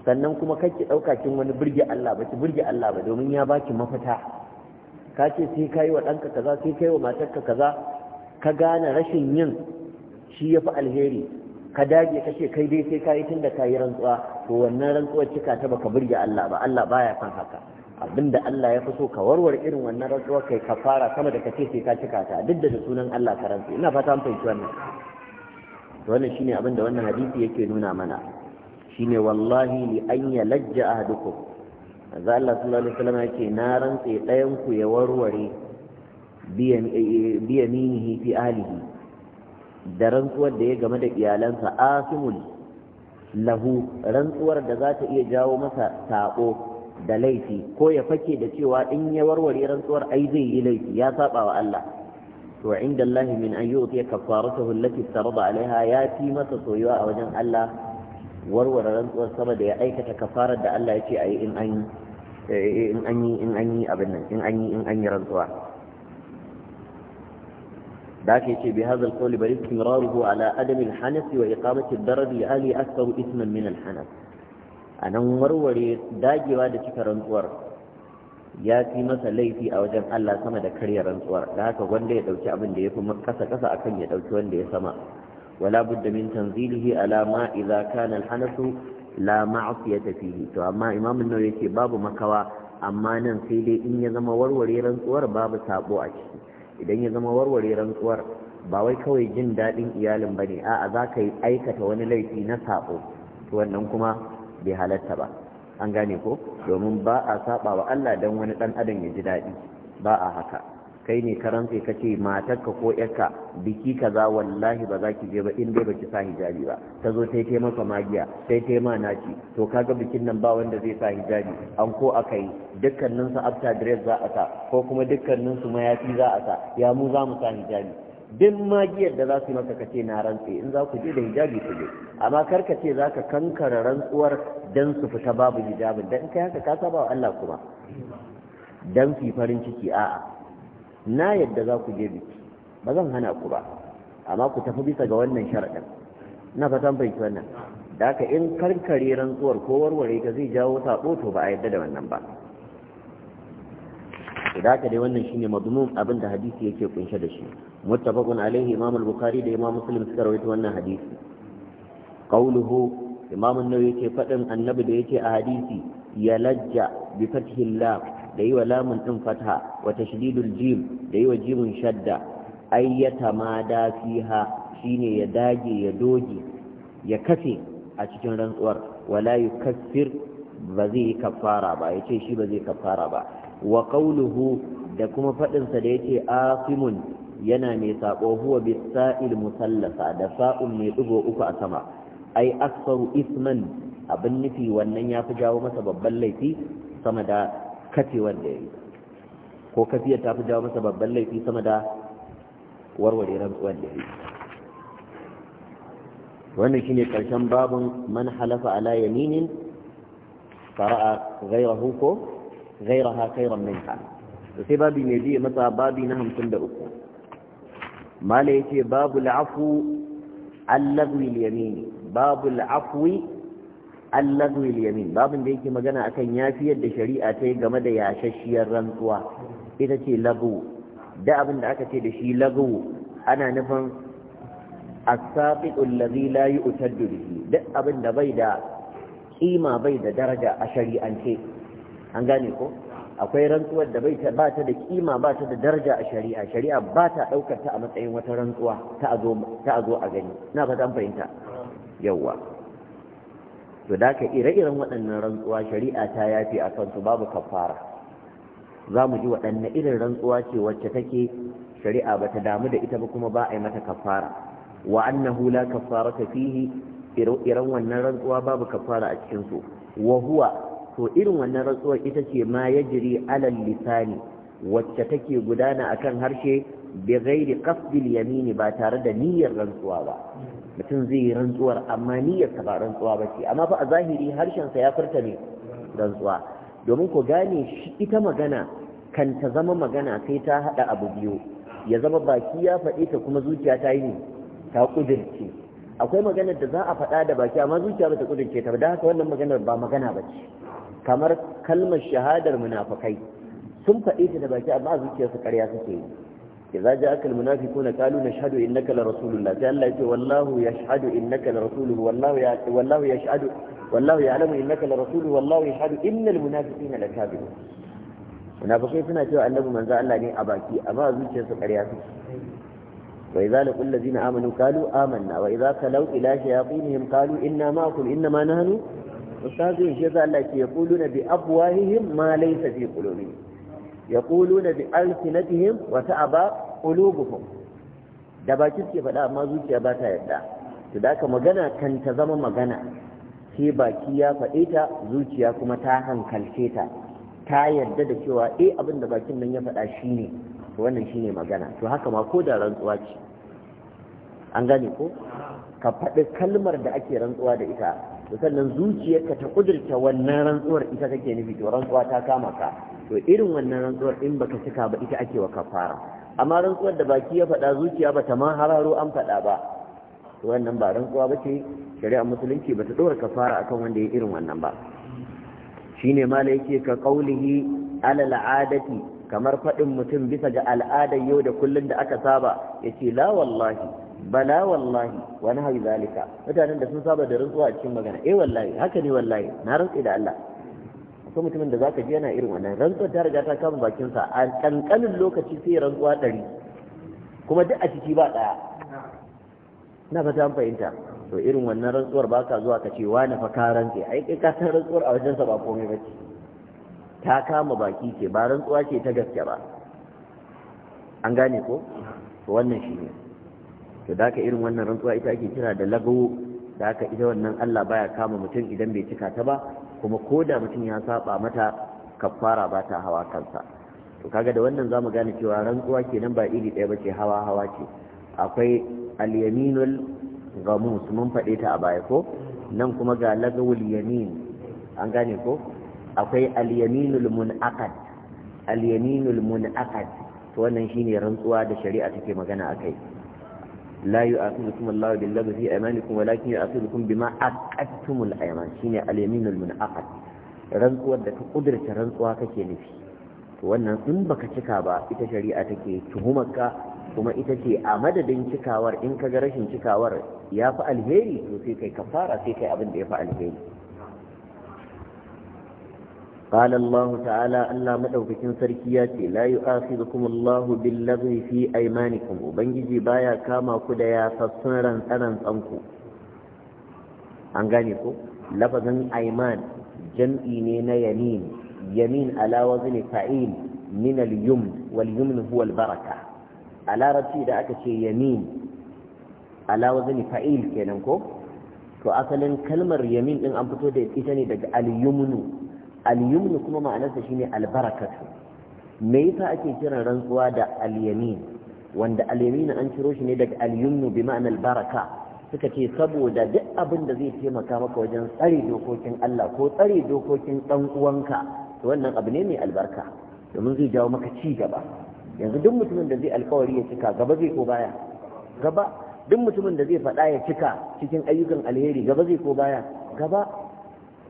sannan kuma kake ɗauka kin wani birge Allah ba ki birge Allah ba domin ya baki mafita ka ce sai ka yi wa ɗanka kaza sai ka yi wa matarka kaza ka gane rashin yin shi ya fi alheri ka dage ka ce kai dai sai ka yi tun da ka yi rantsuwa to wannan rantsuwar cika ta baka burge Allah ba Allah baya kan haka abinda Allah ya fi so ka warware irin wannan rantsuwar kai ka fara sama da ka ce sai ka cika ta duk da sunan Allah ka rantsu ina fata an fahimci wannan to wannan shine abinda wannan hadisi yake nuna mana shine wallahi li an yalajja ahadukum za Allah sallallahu alaihi wasallam yake na rantse ɗayan ku ya warware biyaminihi fi alihi da rantsuwar da ya game da iyalansa asimul lahu rantsuwar da za ta iya jawo masa sako da laifi ko ya fake da cewa in ya warware rantsuwar ai zai yi laifi ya saba wa Allah to inda Allah min an kafaratuhu allati tarada alaiha ya fi masa soyuwa a wajen Allah warware rantsuwar sama da ya aikata kafarar da Allah ya ce a yi in an yi eh, in an yi abin nan in an yi in an yi rantsuwa da ake ce bi hazal qawli bal istimraruhu ala adami al-hanas wa iqamati ad-darb li ali aktharu isman min al-hanas anan warware dagewa da cika rantsuwar ya fi masa laifi a wajen Allah sama da karya rantsuwar da haka wanda ya dauki abin da ya fi kasa kasa akan ya dauki wanda ya sama ولا بد من تنزيله على ما إذا كان To لا معصية فيه تو أما إمام النووي يتي باب dai أما ya zama إن يزم babu رنسور باب سابو Idan ya يزم warware rantsuwar, ba wai kawai jin daɗin iyalin ba ne a'a za ka yi aikata wani laifi na saɓo wannan kuma bai halarta ba an gane ko domin ba a saɓa wa Allah don wani ɗan adam ya ji daɗi ba a haka kai ne ka rantse ka ce matarka ko yarka biki kaza wallahi ba za ki je ba in dai baki sa hijabi ba ta zo tai taimaka maka magiya sai ta ma naci to kaga bikin nan ba wanda zai sa hijabi an ko aka yi dukkanin su after dress za a sa ko kuma dukkanin su mayafi za a sa ya mu za mu sa hijabi duk magiyar da za su yi maka kace na rantse in za ku je da hijabi ku je amma kar ka ce za ka kankara rantsuwar dan su fita babu hijabin dan kai haka ka saba wa Allah kuma dan fi farin ciki a'a na yadda za ku je biki ba zan hana ku ba amma ku tafi bisa ga wannan sharaɗin na fatan fahimci wannan da aka in karkare rantsuwar ko warware ta zai jawo ta to ba a yadda da wannan ba da aka dai wannan shine madmum abin da hadisi yake kunshe da shi muttafaqun alaihi imam al-bukhari da imam muslim suka rawaito wannan hadisi Ƙauluhu imam an-nawawi yake fadin annabi da yake a hadisi ya lajja bi lam da yi wa lamun din fatha wa tashdidul jim da yi wa jimun shadda ayyata ma da fiha shine ya dage ya doge ya kafe a cikin rantsuwar wala yukaffir ba zai yi kafara ba ya shi ba zai kafara ba wa qawluhu da kuma faɗinsa da yace asimun yana mai sako huwa bisa'il musallasa da sa'un mai dugo uku a sama ai aksaru isman abin nufi wannan ya fi jawo masa babban laifi sama da kafewar da ya ko kafiyar ta fi jawo masa babban laifi sama da warware rantsuwar da yi wannan shine karshen babin man halafa ala yaminin fara'a ghayrahu ko ghayraha khayran minha to sai babi ne biye masa babi na hamsin da 53 mala yace babul afu allagwi yamini babul afwi allagwi yamin babin da yake magana akan yafiyar da shari'a ta yi game da yashashiyar rantsuwa ita ce lagu da abin da aka ce da shi lagu ana nufin as-saqiqul ladhi la yu'taddu bihi duk abin da bai da kima bai da daraja a shari'ance an gane ko akwai rantsuwar da bai ba ta da kima ba ta da daraja a shari'a shari'a ba ta daukar ta a matsayin wata rantsuwa ta azo ta azo a gani ina ba zan fahimta yawa to da ka ire-iren waɗannan rantsuwa shari'a ta yafi a kansu babu kafara za mu ji waɗanne irin rantsuwa ce wacce take shari'a ba ta damu da ita ba kuma ba a yi mata kafara wa annahu la kafarata fihi irin wannan rantsuwa babu kafara a cikin su wa huwa to irin wannan rantsuwa ita ce ma yajri alal lisani wacce take gudana akan harshe bi ghairi qasdil yamini ba tare da niyyar rantsuwa ba mutum zai yi rantsuwar amma niyyar ba rantsuwa ba ce amma fa a zahiri harshen sa ya furta ne rantsuwa domin ku gane ita magana kan ta zama magana sai ta haɗa abu biyu ya zama baki ya faɗi ta kuma zuciya ta yi ta ƙudirce akwai maganar da za a faɗa da baki amma zuciya ba ta ƙudirce ta da haka wannan maganar ba magana ba ce kamar kalmar shahadar munafakai, sun faɗi ta da baki amma zuciya zuciyarsu ƙarya suke yi idza ja'aka almunafiquna qalu nashhadu innaka la rasulullah sai Allah yace wallahu yashhadu innaka la rasuluhu wallahu ya wallahu yashhadu wallahu ya'lamu innaka la rasuluhu wallahu yashhadu innal munafiqina lakadibun munafikai suna cewa annabi manzo Allah ne a baki amma zuciyarsu ƙarya su wa idza laqul ladina amanu qalu amanna wa idza kalau ila shayatinihim qalu inna ma'akum inna ma nahnu mustahzi'un shi yasa Allah ke yaquluna bi afwahihim ma laysa fi qulubihim yaquluna bi alsinatihim wa ta'aba qulubuhum da bakin ke faɗa amma zuciya ba ta yadda to da ka magana kan ta zama magana sai baki ya faɗe ta zuciya kuma ta hankalce ta ta yarda da cewa eh abin da bakin nan ya faɗa ne to wannan shi ne magana to haka ma ko da rantsuwa ce an gane ko ka faɗi kalmar da ake rantsuwa da ita to sannan zuciyarka ta kudurta wannan rantsuwar ita kake nufi to rantsuwa ta kama ka to irin wannan rantsuwar in baka cika ba ita ake wa kafara amma rantsuwar da baki ya faɗa zuciya ba ta ma hararo an faɗa ba to wannan ba rantsuwa ba ce shari'ar musulunci ba ta ɗora kafara akan wanda ya irin wannan ba Shi ne mala yake ka ƙaunihi alal al'adati kamar faɗin mutum bisa ga al'adar yau da kullun da aka saba ce la wallahi bala wallahi wani hau zalika mutanen da sun saba da rantsuwa a cikin magana eh wallahi haka ne wallahi na rantsi da Allah akwai mutumin da zaka ji yana irin wannan rantsuwa ta riga ta kama bakin sa a kankanin lokaci sai rantsuwa ɗari kuma duk a ciki ba ɗaya na fata an fahimta to irin wannan rantsuwar ba ka zuwa ka ce wa fa ka rantse ai ka san rantsuwar a wajensa ba komai ba ce ta kama baki ce ba rantsuwa ce ta gaske ba an gane ko to wannan shi ne to da ka irin wannan rantsuwa ita ake kira da lagawo da ka ita wannan Allah baya kama mutum idan bai cika ta ba kuma ko da mutum ya saba mata kafara ba ta hawa kansa to kaga da wannan zamu gane cewa rantsuwa kenan ba iri ɗaya bace hawa hawa ce akwai al-yaminul gamus mun faɗe ta a baya ko nan kuma ga lagawul yamin an gane ko akwai al-yaminul munaqad al-yaminul munaqad to wannan shine rantsuwa da shari'a take magana akai la yu'akhidhukum Allahu bil lagwi fi aymanikum walakin yu'akhidhukum bima aqadtumul ayman shine al-yaminul munaqad rantsuwar da ka kudurta rantsuwa kake nufi to wannan in baka cika ba ita shari'a take tuhumarka kuma ita ce a madadin cikawar in kaga rashin cikawar ya fi alheri to sai kai kafara sai kai abin da ya fi alheri قال الله تعالى ألا مدوكين سركياتي لا يؤاخذكم الله باللغو في أيمانكم وبنجي بايا كما كدا يا فصنرا أنا أنكو أنغانيكو لفظا أيمان جمعي نينا يمين يمين على وزن فعيل من اليمن واليمن هو البركة على ربتي إذا أكشي يمين alawa zani fa'il kenan ko to asalin kalmar yamin din an fito da ita ne daga al-yumnu al-yumnu kuma ma'anarsa shine al-barakatu me yasa ake kiran rantsuwa da al-yamin wanda al-yamin an ciro shi ne daga al-yumnu bi ma'anar baraka suka ce saboda duk abin da zai taimaka maka wajen tsare dokokin Allah ko tsare dokokin dan uwanka to wannan abu ne mai albarka domin zai jawo maka ci gaba yanzu duk mutumin da zai alkawari ya cika gaba zai ko baya gaba duk mutumin da zai faɗa ya cika cikin ayyukan alheri gaba zai ko baya gaba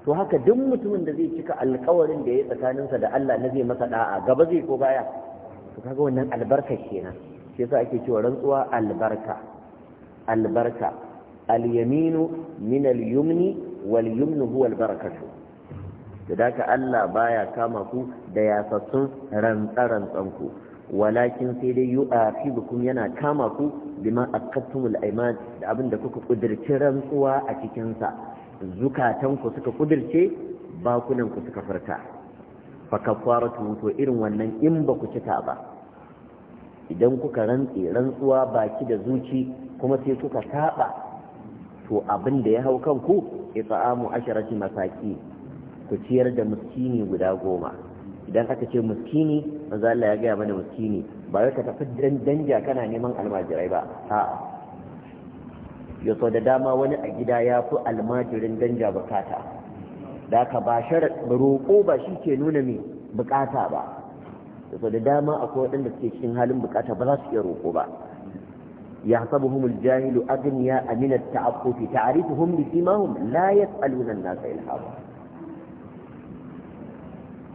to haka duk mutumin da zai cika alkawarin da ya tsakaninsa da Allah na zai masa da'a gaba zai ko baya to kaga wannan albarka kenan shi yasa ake cewa rantsuwa albarka albarka al-yaminu min al-yumni wal yumnu huwa al-barakatu da haka Allah baya kama ku da yasassun rantsa-rantsan ku walakin sai dai yu'afidukum yana kama ku bima aqattumul aiman da abin da kuka kudirce rantsuwa a cikin sa zukatan ku suka kudirce bakunan ku suka furta fa kafaratu to irin wannan in ba ku cika ba idan kuka rantsi rantsuwa baki da zuci kuma sai kuka saba to abin da ya hau kanku ita'amu asharati masaki ku ciyar da miskini guda goma idan aka ce muskini, manzo Allah ya gaya mana muskini. ba wai ka tafi danja kana neman almajirai ba a'a ya da dama wani a gida ya fi almajirin danja bukata da ka ba sharar roƙo ba shi ke nuna mai bukata ba ya da dama akwai waɗanda suke cikin halin bukata ba za su iya roƙo ba ya sabuhum aljahilu aghniya aminat ta'affufi ta'rifuhum bi simahum la yas'aluna an-nasa ilhaba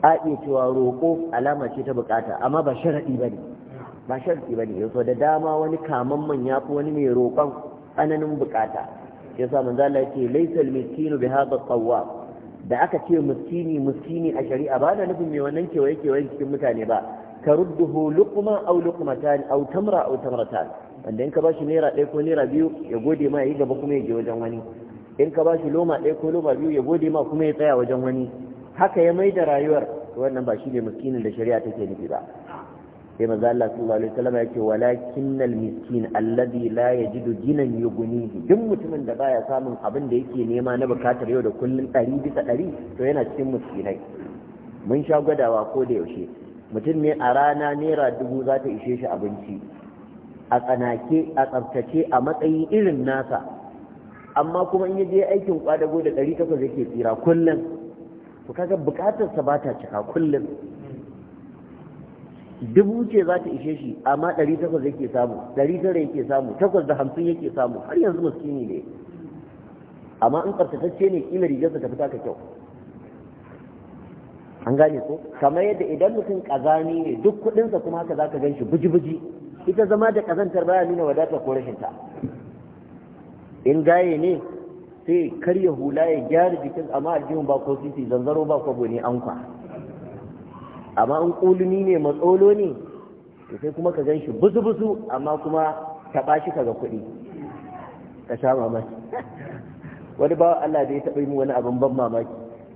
haɗe cewa roƙo alama ce ta bukata amma ba sharaɗi ba ne ba sharaɗi ba ne yanzu da dama wani kamar ya fi wani mai roƙon tsananin bukata ya sa manzo Allah yake laysal miskinu bi hadha qawwa da aka ce miskini miskini a shari'a ba na nufin mai wannan kewaye kewaye cikin mutane ba tarudduhu luqma aw luqmatan aw tamra aw tamratan wanda in ka ba shi naira ɗaya ko naira biyu ya gode ma ya yi gaba kuma ya je wajen wani in ka ba shi loma ɗaya ko loma biyu ya gode ma kuma ya tsaya wajen wani haka ya mai da rayuwar wannan ba shi ne miskinin da shari'a take nufi ba sai manzo Allah sallallahu alaihi wasallam yake walakinnal miskin alladhi la yajidu dinan yughnihi duk mutumin da baya samun abin da yake nema na bukatar yau da kullun ɗari bisa ɗari, to yana cikin miskinai mun sha gwadawa ko da yaushe mutum ne a rana naira dubu za ta ishe shi abinci a tsanake a tsaftace a matsayin irin nasa amma kuma in ya je aikin kwadago da ɗari takwas yake tsira kullum ku kaga bukatarsa ba ta cika kullum dubu ce za ta ishe shi amma ɗari takwas yake samu ɗari tara yake samu takwas da hamsin yake samu har yanzu maskini ne amma in tsaftatacce ne kila rigarsa ta fita ka kyau an gane ko kamar yadda idan mutum kazani ne duk kuɗinsa kuma haka za ka gan shi buji-buji ita zama da kazantar baya nuna wadatar ko rashinta. in gaye ne sai karya hula ya gyara jikin amma aljihun ba ko sisi zanzaro ba ko ne an kwa amma in ƙulumi ne matsolo ne to sai kuma ka gan shi busu-busu amma kuma taɓa shi kaga kuɗi ka sha mamaki wani bawa Allah da ya taɓa yi wani abin ban mamaki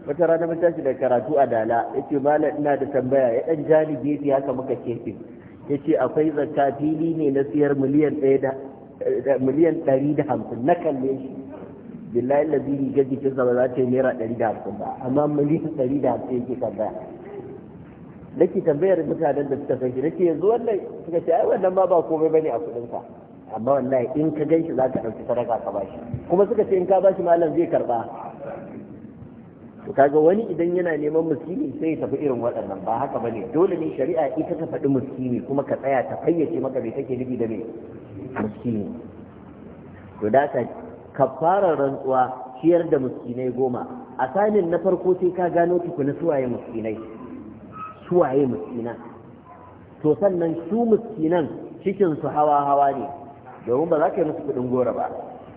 wata rana mun tashi da karatu a dala ya ce malam ina da tambaya ya ɗan jani ya haka muka kefin ya ce akwai zakka fili ne na siyar miliyan eh, ɗari da hamsin na kalle shi billahi lazi rigar jikin zama za ta yi naira ɗari da hamsin ba amma miliyan ɗari da hamsin yake tambaya nake tambayar mutanen da suka san shi nake yanzu wannan suka ce ai wannan ma ba komai bane a kuɗin sa amma wallahi in ka ganshi za ka ɗauki sadaka ka bashi kuma suka ce in ka bashi malam zai karɓa to kaga wani idan yana neman miskini sai ya tafi irin waɗannan ba haka bane dole ne shari'a ita ta faɗi miskini kuma ka tsaya ta fayyace maka me take nufi da mai miskini to da ka kafarar rantsuwa ciyar da muskinai goma a sanin na farko sai ka gano na suwaye muskinai. suwaye muskinan. to sannan su muskinan, cikin su hawa hawa ne domin ba za ka yi musu kudin gora ba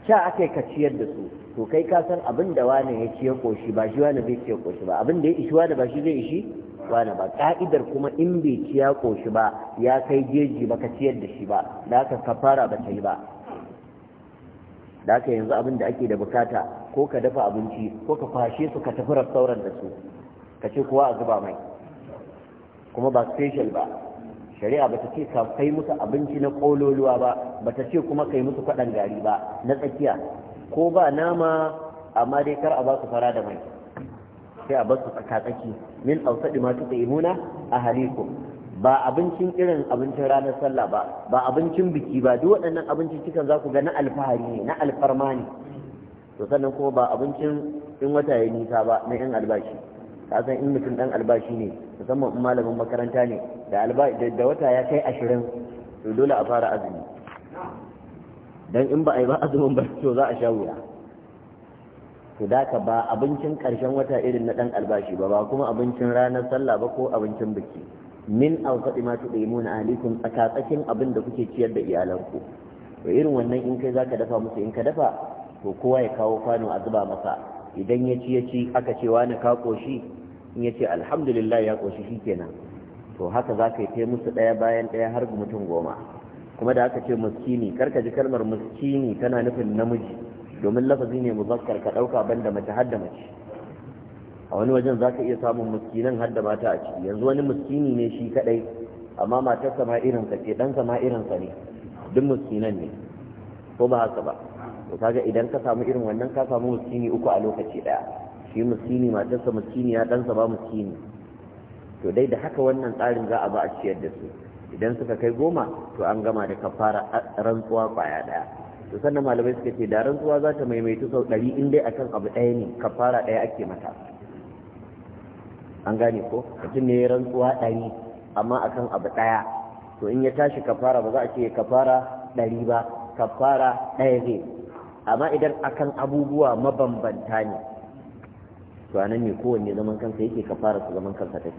sha yi ka ciyar da su to kai ka san abin da wani ya ciye koshi ba shi wani zai ciye koshi ba abin da ya ishi wani ba shi zai ishi wani ba ka'idar kuma in bai ciya koshi ba ya kai jeji ba ka ciyar da shi ba da haka kafara ba ta yi ba da haka yanzu abin da ake da bukata ko ka dafa abinci ko ka fashe su ka tafi rastauran da su ka ce kowa a zuba mai kuma ba special ba shari'a ba ta ce ka kai musu abinci na kololuwa ba ba ta ce kuma kai musu kwaɗan gari ba na tsakiya ko ba nama amma dai kar a ba su fara da mai sai a ba su tsaka tsaki min ausadi ma tuka imuna a halikum ba abincin irin abincin ranar sallah ba ba abincin biki ba duk waɗannan abincin cikin za ku ga na alfahari ne na alfarma ne to sannan kuma ba abincin in wata ya nisa ba na yan albashi ka san in mutum dan albashi ne musamman in malamin makaranta ne da da wata ya kai ashirin to dole a fara azumi dan in ba a yi ba azumin ba to za a sha wuya to da ka ba abincin ƙarshen wata irin na dan albashi ba ba kuma abincin ranar sallah ba ko abincin biki min awsati ma tudimuna ahlikum tsakatsakin abin da kuke ciyar da iyalanku to irin wannan in kai zaka dafa musu in ka dafa to kowa ya kawo kwano a zuba masa idan ya ci ya ci aka cewa wani ka koshi in ya ce alhamdulillah ya koshi shikenan to haka za ka yi ta musu ɗaya bayan ɗaya har mutum goma kuma da aka ce muskini karka ji kalmar muskini tana nufin namiji domin lafazi ne muzakkar ka ɗauka banda mace har da mace a wani wajen za ka iya samun miskinan har da mata a ciki yanzu wani miskini ne shi kadai amma matarsa ma irinsa ce ɗansa ma irinsa ne duk miskinan ne ko ba haka ba to kaga idan ka samu irin wannan ka samu miskini uku a lokaci daya shi miskini matarsa miskini ya ɗansa ba miskini to dai da haka wannan tsarin za a ba a ciyar da su idan suka kai goma to an gama da kafara rantsuwa kwaya daya to sannan malamai suka ce da rantsuwa za ta maimaitu sau ɗari in dai akan abu ɗaya ne kafara ɗaya ake mata an gane ko mutum ne rantsuwa ɗari amma akan abu ɗaya to in ya tashi kafara ba za a ce kafara ɗari ba kafara ɗaya zai amma idan akan abubuwa mabambanta ne to anan ne kowanne zaman kansa yake kafara su zaman kansa take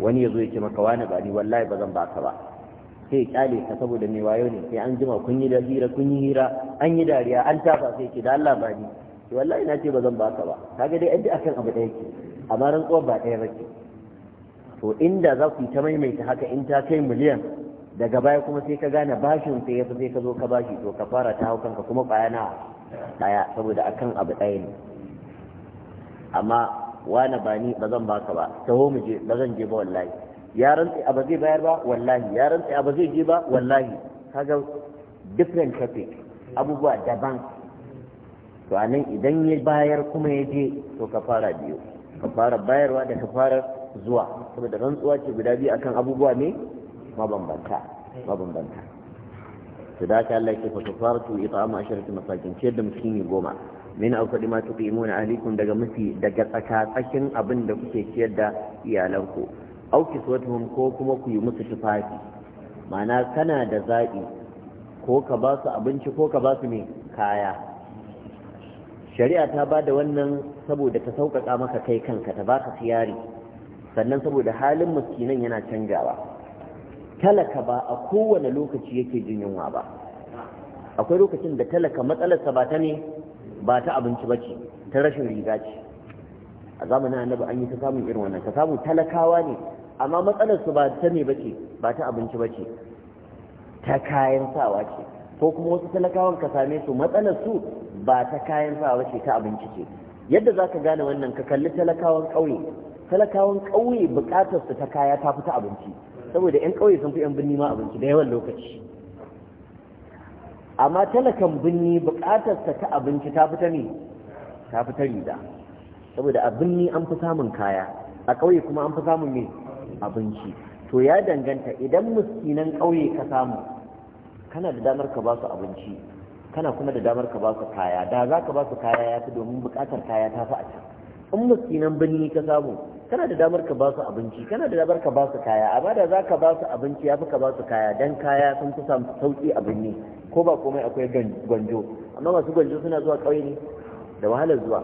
wani ya zo ya ce maka wani ba ni wallahi ba zan baka ba sai kyale ka saboda mai wayo ne sai an jima kun yi hira kun yi hira an yi dariya an tafa sai ke da Allah ba ni to wallahi na ce ba zan baka ba kaga dai inda akan abu ɗaya ke amma rantsuwar ba ɗaya bace to inda za ku ta maimaita haka in ta kai miliyan daga baya kuma sai ka gane bashin sai ya fi sai ka zo ka bashi to ka fara ta hau ka kuma bayana daya saboda akan abu ɗaya ne amma wani ba ni ba zan baka ba taho mu je ba zan je ba wallahi ya rantsi a ba zai bayar ba wallahi ya rantsi a ba zai je ba wallahi kaga different topic abubuwa daban to a nan idan ya bayar kuma ya je to ka fara biyu ka fara bayarwa da ka fara zuwa saboda rantsuwa ce guda biyu akan abubuwa ne mabambanta mabambanta to da ka Allah ke fa kafaratu it'amu asharatu masakin ce da ne goma min au kadima tuqimuna ahlikum daga mafi daga tsakin abin da kuke ciyar da iyalanku au kiswatuhum ko kuma ku yi musu tufafi ma'ana kana da zaɓi ko ka ba su abinci ko ka ba su ne kaya shari'a ta ba da wannan saboda ta sauƙaƙa maka kai kanka ta ba ka siyari sannan saboda halin miskinan yana canjawa talaka ba a kowane lokaci yake jin yunwa ba akwai lokacin da talaka matsalarsa ba ta ne ba ta abinci ba ce ta rashin riga ce a zamanin annabi an yi ta samun irin wannan ka samu talakawa ne amma matsalarsu ba ta ne ba ce ba ta abinci ba ce ta kayan sawa ce ko kuma wasu talakawan ka same su matsalarsu ba ta kayan sawa ba wace ta abinci ce yadda za ka gane wannan ka kalli talakawan ƙauye talakawan ƙauye buƙatar su ta kaya ta fi ta abinci saboda 'yan ƙauye sun fi 'yan birni ma abinci da yawan lokaci amma talakan birni buƙatar sa ta abinci ta fi ta ne ta fi ta riga saboda a birni an fi samun kaya a ƙauye kuma an fi samun ne abinci to ya danganta idan miskinan ƙauye ka samu kana da damar ka ba su abinci kana kuma da damar ka ba su kaya da za ka ba su kaya ya fi domin buƙatar kaya ta fi a can in miskinan birni ka samu kana da damar ka ba su abinci kana da damar ka ba su kaya amma da za ka ba su abinci ya fi ka ba su kaya dan kaya sun fi samu sauƙi a birni ko ba komai akwai gwanjo amma masu gwanjo suna zuwa ƙauye ne da wahalar zuwa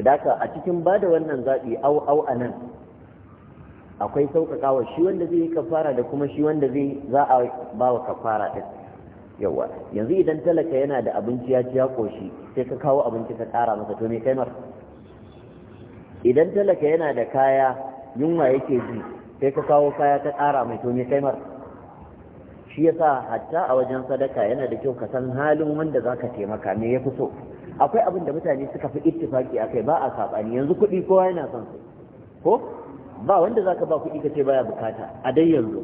da a cikin ba da wannan zaɓi au au a nan akwai sauƙaƙawa shi wanda zai yi kafara da kuma shi wanda zai za a ba wa kafara ɗin yawa yanzu idan talaka yana da abinci ya ci ya koshi sai ka kawo abinci ka tsara masa to me kai mar idan talaka yana da kaya yunwa yake ji sai ka kawo kaya ka tsara mai to me kai mar shi yasa hatta a wajen sadaka yana da kyau ka san halin wanda zaka taimaka me ya so akwai abin da mutane suka fi ittifaki akai ba a sabani yanzu kuɗi kowa yana son su ko ba wanda zaka ba kuɗi kace baya bukata a dai yanzu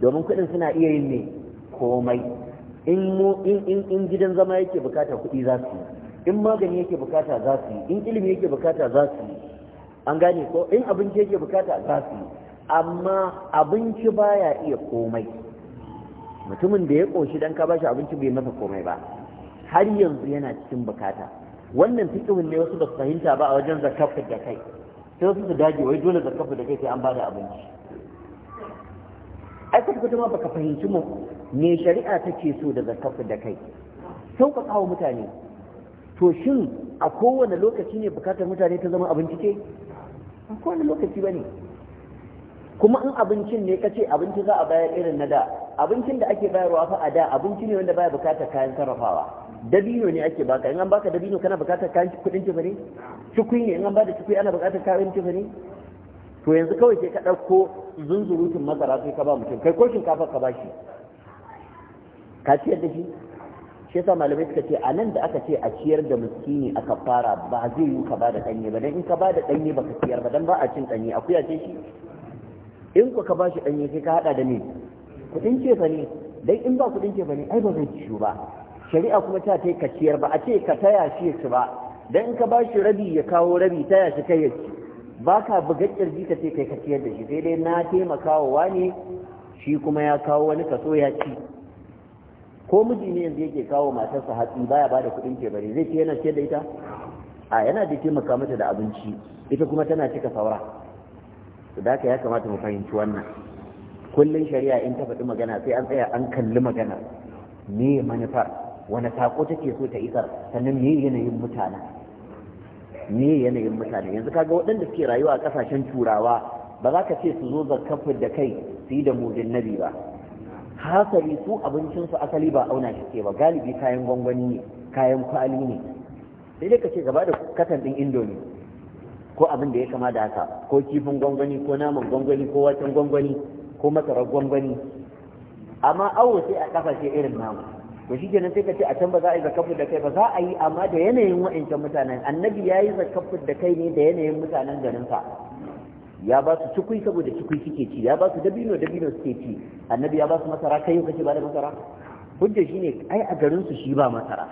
domin kuɗin suna iya yin ne komai in in gidan zama yake bukata kuɗi za su yi in magani yake bukata za su yi in ilimi yake bukata za su yi an gane ko in abinci yake bukata za su yi amma abinci baya iya komai mutumin da ya ƙoshi dan ka bashi abinci bai masa komai ba har yanzu yana cikin bukata wannan fikirin ne wasu ba su fahimta ba a wajen zakafu da kai sai wasu su dage wai dole zakafu da kai sai an bada abinci ai kwata kwata ma baka fahimci mu me shari'a take so daga kafa da kai ka kawo mutane to shin a kowane lokaci ne bukatar mutane ta zama abinci ce a kowane lokaci ba ne kuma in abincin ne kace abinci za a bayar irin na da abincin da ake bayarwa fa a da abinci ne wanda baya bukatar kayan sarrafawa dabino ne ake baka in an baka dabino kana bukatar kayan kudin tufani ne cikui ne in an bada cikui ana bukatar kayan tufani to yanzu kawai sai ka ɗauko zunzurutun masara sai ka ba mutum kai ko shinkafar ka ba shi ka ciyar da shi shi yasa malamai suka ce a nan da aka ce a ciyar da miskini aka fara ba zai yi ka ba da ɗanye ba dan in ka ba da ɗanye ba ka ciyar ba dan ba a cin ɗanye akuya ce shi in ku ka ba shi ɗanye sai ka haɗa da me kuɗin cefa ne dan in ba kuɗin cefa ne ai ba zai ciyo ba shari'a kuma ta ta ka ciyar ba a ce ka taya shi ya ci ba dan in ka ba shi rabi ya kawo rabi taya shi kai ya ci ba ka buga kirji ka ce kai ka ciyar da shi sai dai na taimaka wa wani shi kuma ya kawo wani kaso ya ci ko miji ne yanzu yake kawo matarsa hatsi baya bada kuɗin kebare zai ce yana ce da ita a yana da taimaka mata da abinci ita kuma tana cika saura su da ya kamata mu fahimci wannan Kullum shari'a in ta faɗi magana sai an tsaya an kalli magana me manufar wani sako take so ta isar sannan me yanayin mutanen ne yanayin mutane yanzu kaga waɗanda suke rayuwa a ƙasashen turawa ba za ka ce su zo zakafin da kai su yi da mudin nabi ba hasali su abincinsu asali ba auna shi ke ba galibi kayan gwangwani ne kayan kwali ne sai dai ka ce gaba da katan ɗin indomi ko abin da ya kama da haka ko kifin gwangwani ko naman gwangwani ko wacan gwangwani ko masarar gwangwani amma awo sai a ƙasashe irin namu to shi sai ka ce a can ba za a yi zakafu da kai ba za a yi amma da yanayin wa'ancan mutanen annabi ya yi zakafu da kai ne da yanayin mutanen garinsa ya ba su cikui saboda cikui suke ci ya ba su dabino dabino suke ci annabi ya ba su masara kai kace ba da masara hujja shine ai a garin su shi ba masara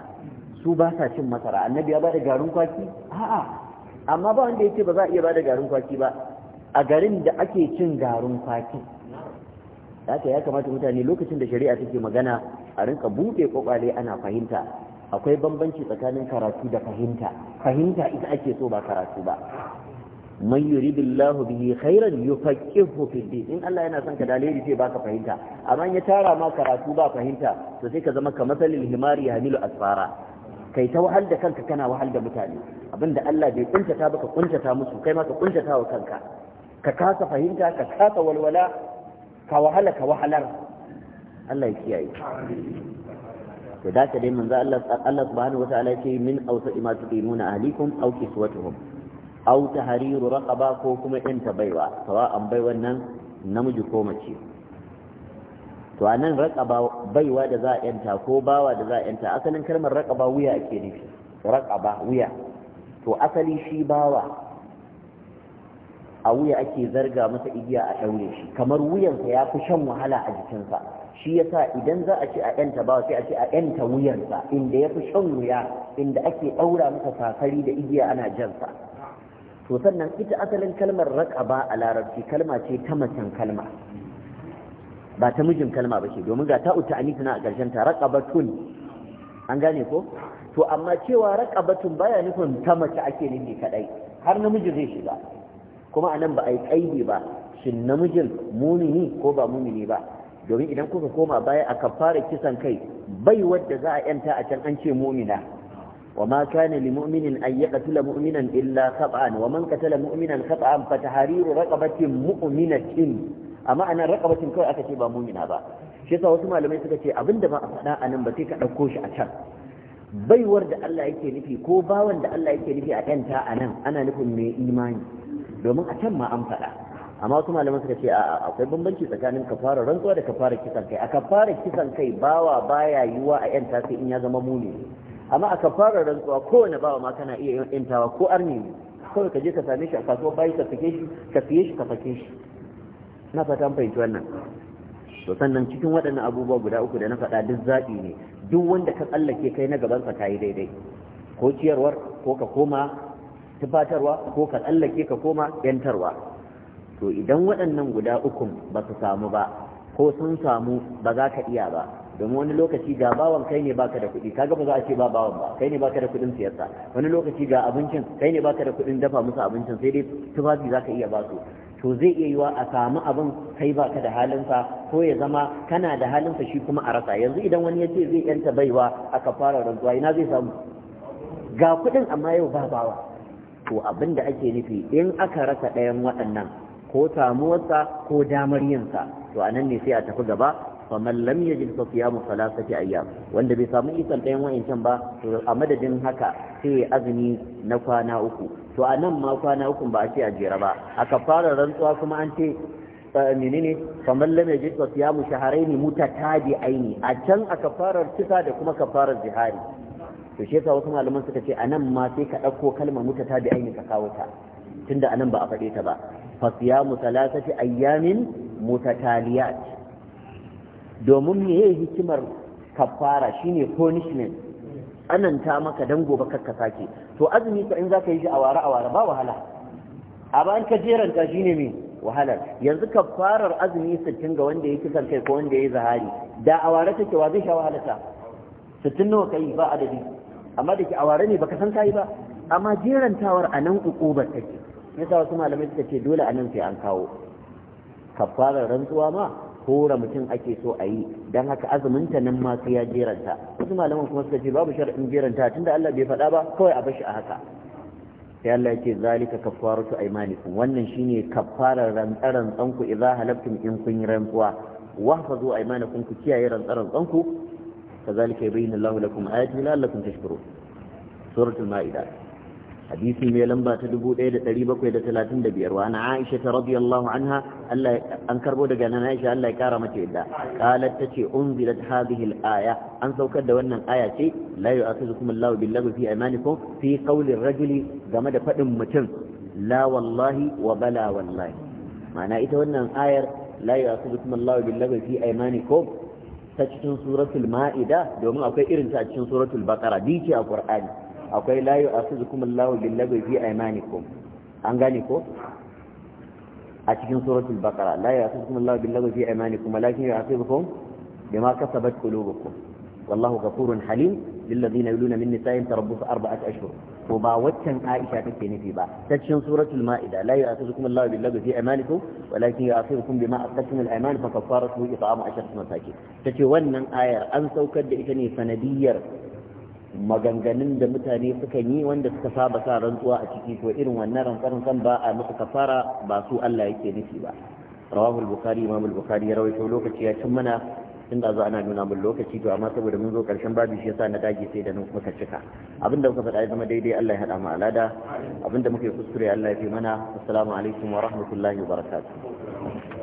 su ba sa cin masara annabi ya ba da garin kwaki a'a amma ba wanda yake ba za a iya ba da garin kwaki ba a garin da ake cin garin kwaki haka ya kamata mutane lokacin da shari'a take magana a rinka buɗe kwakwale ana fahimta akwai bambanci tsakanin karatu da fahimta fahimta ita ake so ba karatu ba man yuridillahu bihi khairan yufaqihu fi din in Allah yana son ka dalili sai baka fahimta amma ya tara ma karatu ba fahimta to sai ka zama ka masalil himari hamilu asfara kai ta wahal da kanka kana wahal da mutane abinda Allah bai kuntata ba ka kuntata musu kai ma ka kuntata wa kanka ka kasa fahimta ka kasa walwala ka wahala ka wahalar Allah ya kiyaye to da ka dai manzo Allah Allah subhanahu wataala yake min awsa ima tuqimuna ahlikum aw kiswatuhum aw tahriru raqaba ko kuma in baiwa sawa'an baiwan nan namiji ko mace to anan raqaba baiwa da za a yanta ko bawa da za a yanta asalin kalmar raqaba wuya ake nufi raqaba wuya to asali shi bawa a wuya ake zarga masa igiya a ɗaure shi kamar wuyansa ya fi shan wahala a jikinsa shi yasa idan za a ce a yanta ba sai a ce a yanta wuyansa inda ya fi shan wuya inda ake ɗaura masa sakari da igiya ana jansa to sannan ita asalin kalmar raqaba a larabci kalma ce ta macen kalma ba ta mijin kalma ba ce domin ga ta'u ta'ani na a ƙarshen ta raqabatun an gane ko to amma cewa raqabatun baya nufin ta mace ake nufi kadai, har namiji zai shiga kuma anan ba a yi kaidi ba shin namijin mumini ko ba mumini ba domin idan kuka koma baya aka fara kisan kai bai wadda za a yanta a can an ce mumina wa ma kana lil mu'minin an yaqtula mu'minan illa khata'an wa man qatala mu'minan khata'an fa tahriru raqabatin mu'minatin amma anan raqabatin kawai aka ce ba mumina ba shi yasa wasu malamai suka ce abinda ba a faɗa anan ba sai ka ɗauko shi a can baiwar da Allah yake nufi ko bawan da Allah yake nufi a yanta a nan ana nufin mai imani domin a can ma an faɗa amma wasu malaman suka ce akwai bambanci tsakanin kafara rantsuwa da kafara kisan kai a kafara kisan kai bawa baya yiwa a yanta sai in ya zama muni amma a kafara rantsuwa kowane bawa ma kana iya yantawa ko arni ne kawai ka je ka same shi a kasuwa bayi ka fike shi ka fiye shi ka fake shi na fata an fahimci wannan to sannan cikin waɗannan abubuwa guda uku da na faɗa duk zaɓi ne duk wanda ka tsallake kai na gabansa ta yi daidai ko ciyarwar ko ka koma tufatarwa ko ka tsallake ka koma yantarwa to idan waɗannan guda ukun ba su samu ba ko sun samu ba za ka iya ba domin wani lokaci ga bawan kai ne baka da kuɗi kaga ba za a ce ba bawan ba kai ne baka da kuɗin siyarsa wani lokaci ga abincin kai ne baka da kuɗin dafa musu abincin sai dai tufafi za ka iya ba su to zai iya yiwa a samu abin kai ba ka da halinsa ko ya zama kana da halinsa shi kuma a rasa yanzu idan wani ya ce zai yanta baiwa aka fara rantsuwa ina zai samu ga kuɗin amma yau ba bawa to abin da ake nufi in aka rasa ɗayan waɗannan ko samuwarsa ko damar yinsa to a nan ne sai a tafi gaba faman lam yajid fa siyamu salasati ayyam wanda bai samu isan ɗayan wa'ancan ba to a madadin haka sai azumi na kwana uku to a nan ma kwana uku ba a ce a jera ba a fara rantsuwa kuma an ce menene kamar lam yajid wa ta tabi aini. a can a kafarar cika da kuma kafarar zihari to shi yasa wasu malaman suka ce a nan ma sai ka ɗauko kalmar aini ka kawo ta tunda nan ba a faɗe ta ba fa musa lasashi ayyamin mutataliyat domin meye hikimar kafara shine punishment tsananta maka dan gobe karka sake to azumi ka in zaka yi shi a ware a ware ba wahala a an ka ta shine me wahalar yanzu ka farar azumi sittin ga wanda yake kisan kai ko wanda yayi zahari da a ware take wa zai sha ta sittin nawa kai ba adadi amma da ke a ware ne baka san kai ba amma jerantawar a nan ukuba take yasa wasu malamai suka ce dole a nan sai an kawo kafarar rantsuwa ma Hura mutum ake so a yi don haka azuminta nan ma sai ya jeranta wasu malaman kuma suka ce babu shar'in jeranta tunda Allah bai faɗa ba kawai a bashi a haka sai Allah ya ce zalika kaffaratu aymanikum wannan shine kaffarar rantsaran tsanku idza halaftum in kun yi rantsuwa wahfazu aymanakum ku kiyaye rantsaran tsanku kazalika yubayyinu Allahu lakum ayatihi la'allakum tashkurun suratul ma'ida hadisi mai lamba ta 1735 wa ana Aisha ta radiyallahu anha an karbo daga nan Aisha Allah ya kara mace yadda qalat tace unzilat hadhihi al-aya an saukar da wannan aya ce la yu'akhidhukum Allahu billahi fi aymanikum fi qawli ar-rajuli game da fadin mutum la wallahi wa bala wallahi ma'ana ita wannan ayar la yu'akhidhukum Allahu billahi fi aymanikum ta cikin suratul ma'ida domin akwai irin ta a cikin suratul baqara dice a qur'ani akwai layu a su zukumin lawo billabi fi aimanikum an gane ko a cikin suratul layu a ya'tukum Allahu bil lagwi fi aymanikum walakin ya'tukum bima kasabat qulubukum wallahu ghafurun halim lil ladina yuluna min nisa'in tarabbusu arba'at ashhur ko ba waccan Aisha take nufi ba ta cikin suratul ma'ida la ya'tukum Allahu bil lagwi fi aymanikum walakin ya'tukum bima aqadtum al ayman fa kaffaratu it'amu ashrati masakin tace wannan ayar an saukar da ita ne sanadiyar maganganun da mutane suka yi wanda suka saba sa rantsuwa a ciki to irin wannan rantsan ba a musu kafara ba su Allah yake nufi ba rawahu al-bukhari imam al-bukhari ya rawaito lokaci ya cin mana inda za ana nuna mun lokaci to amma saboda mun zo karshen babu shi yasa na dage sai da nan muka cika abinda muka faɗa ya zama daidai Allah ya hada mu alada abinda muka yi kuskure Allah ya fi mana assalamu alaikum wa rahmatullahi wa barakatuh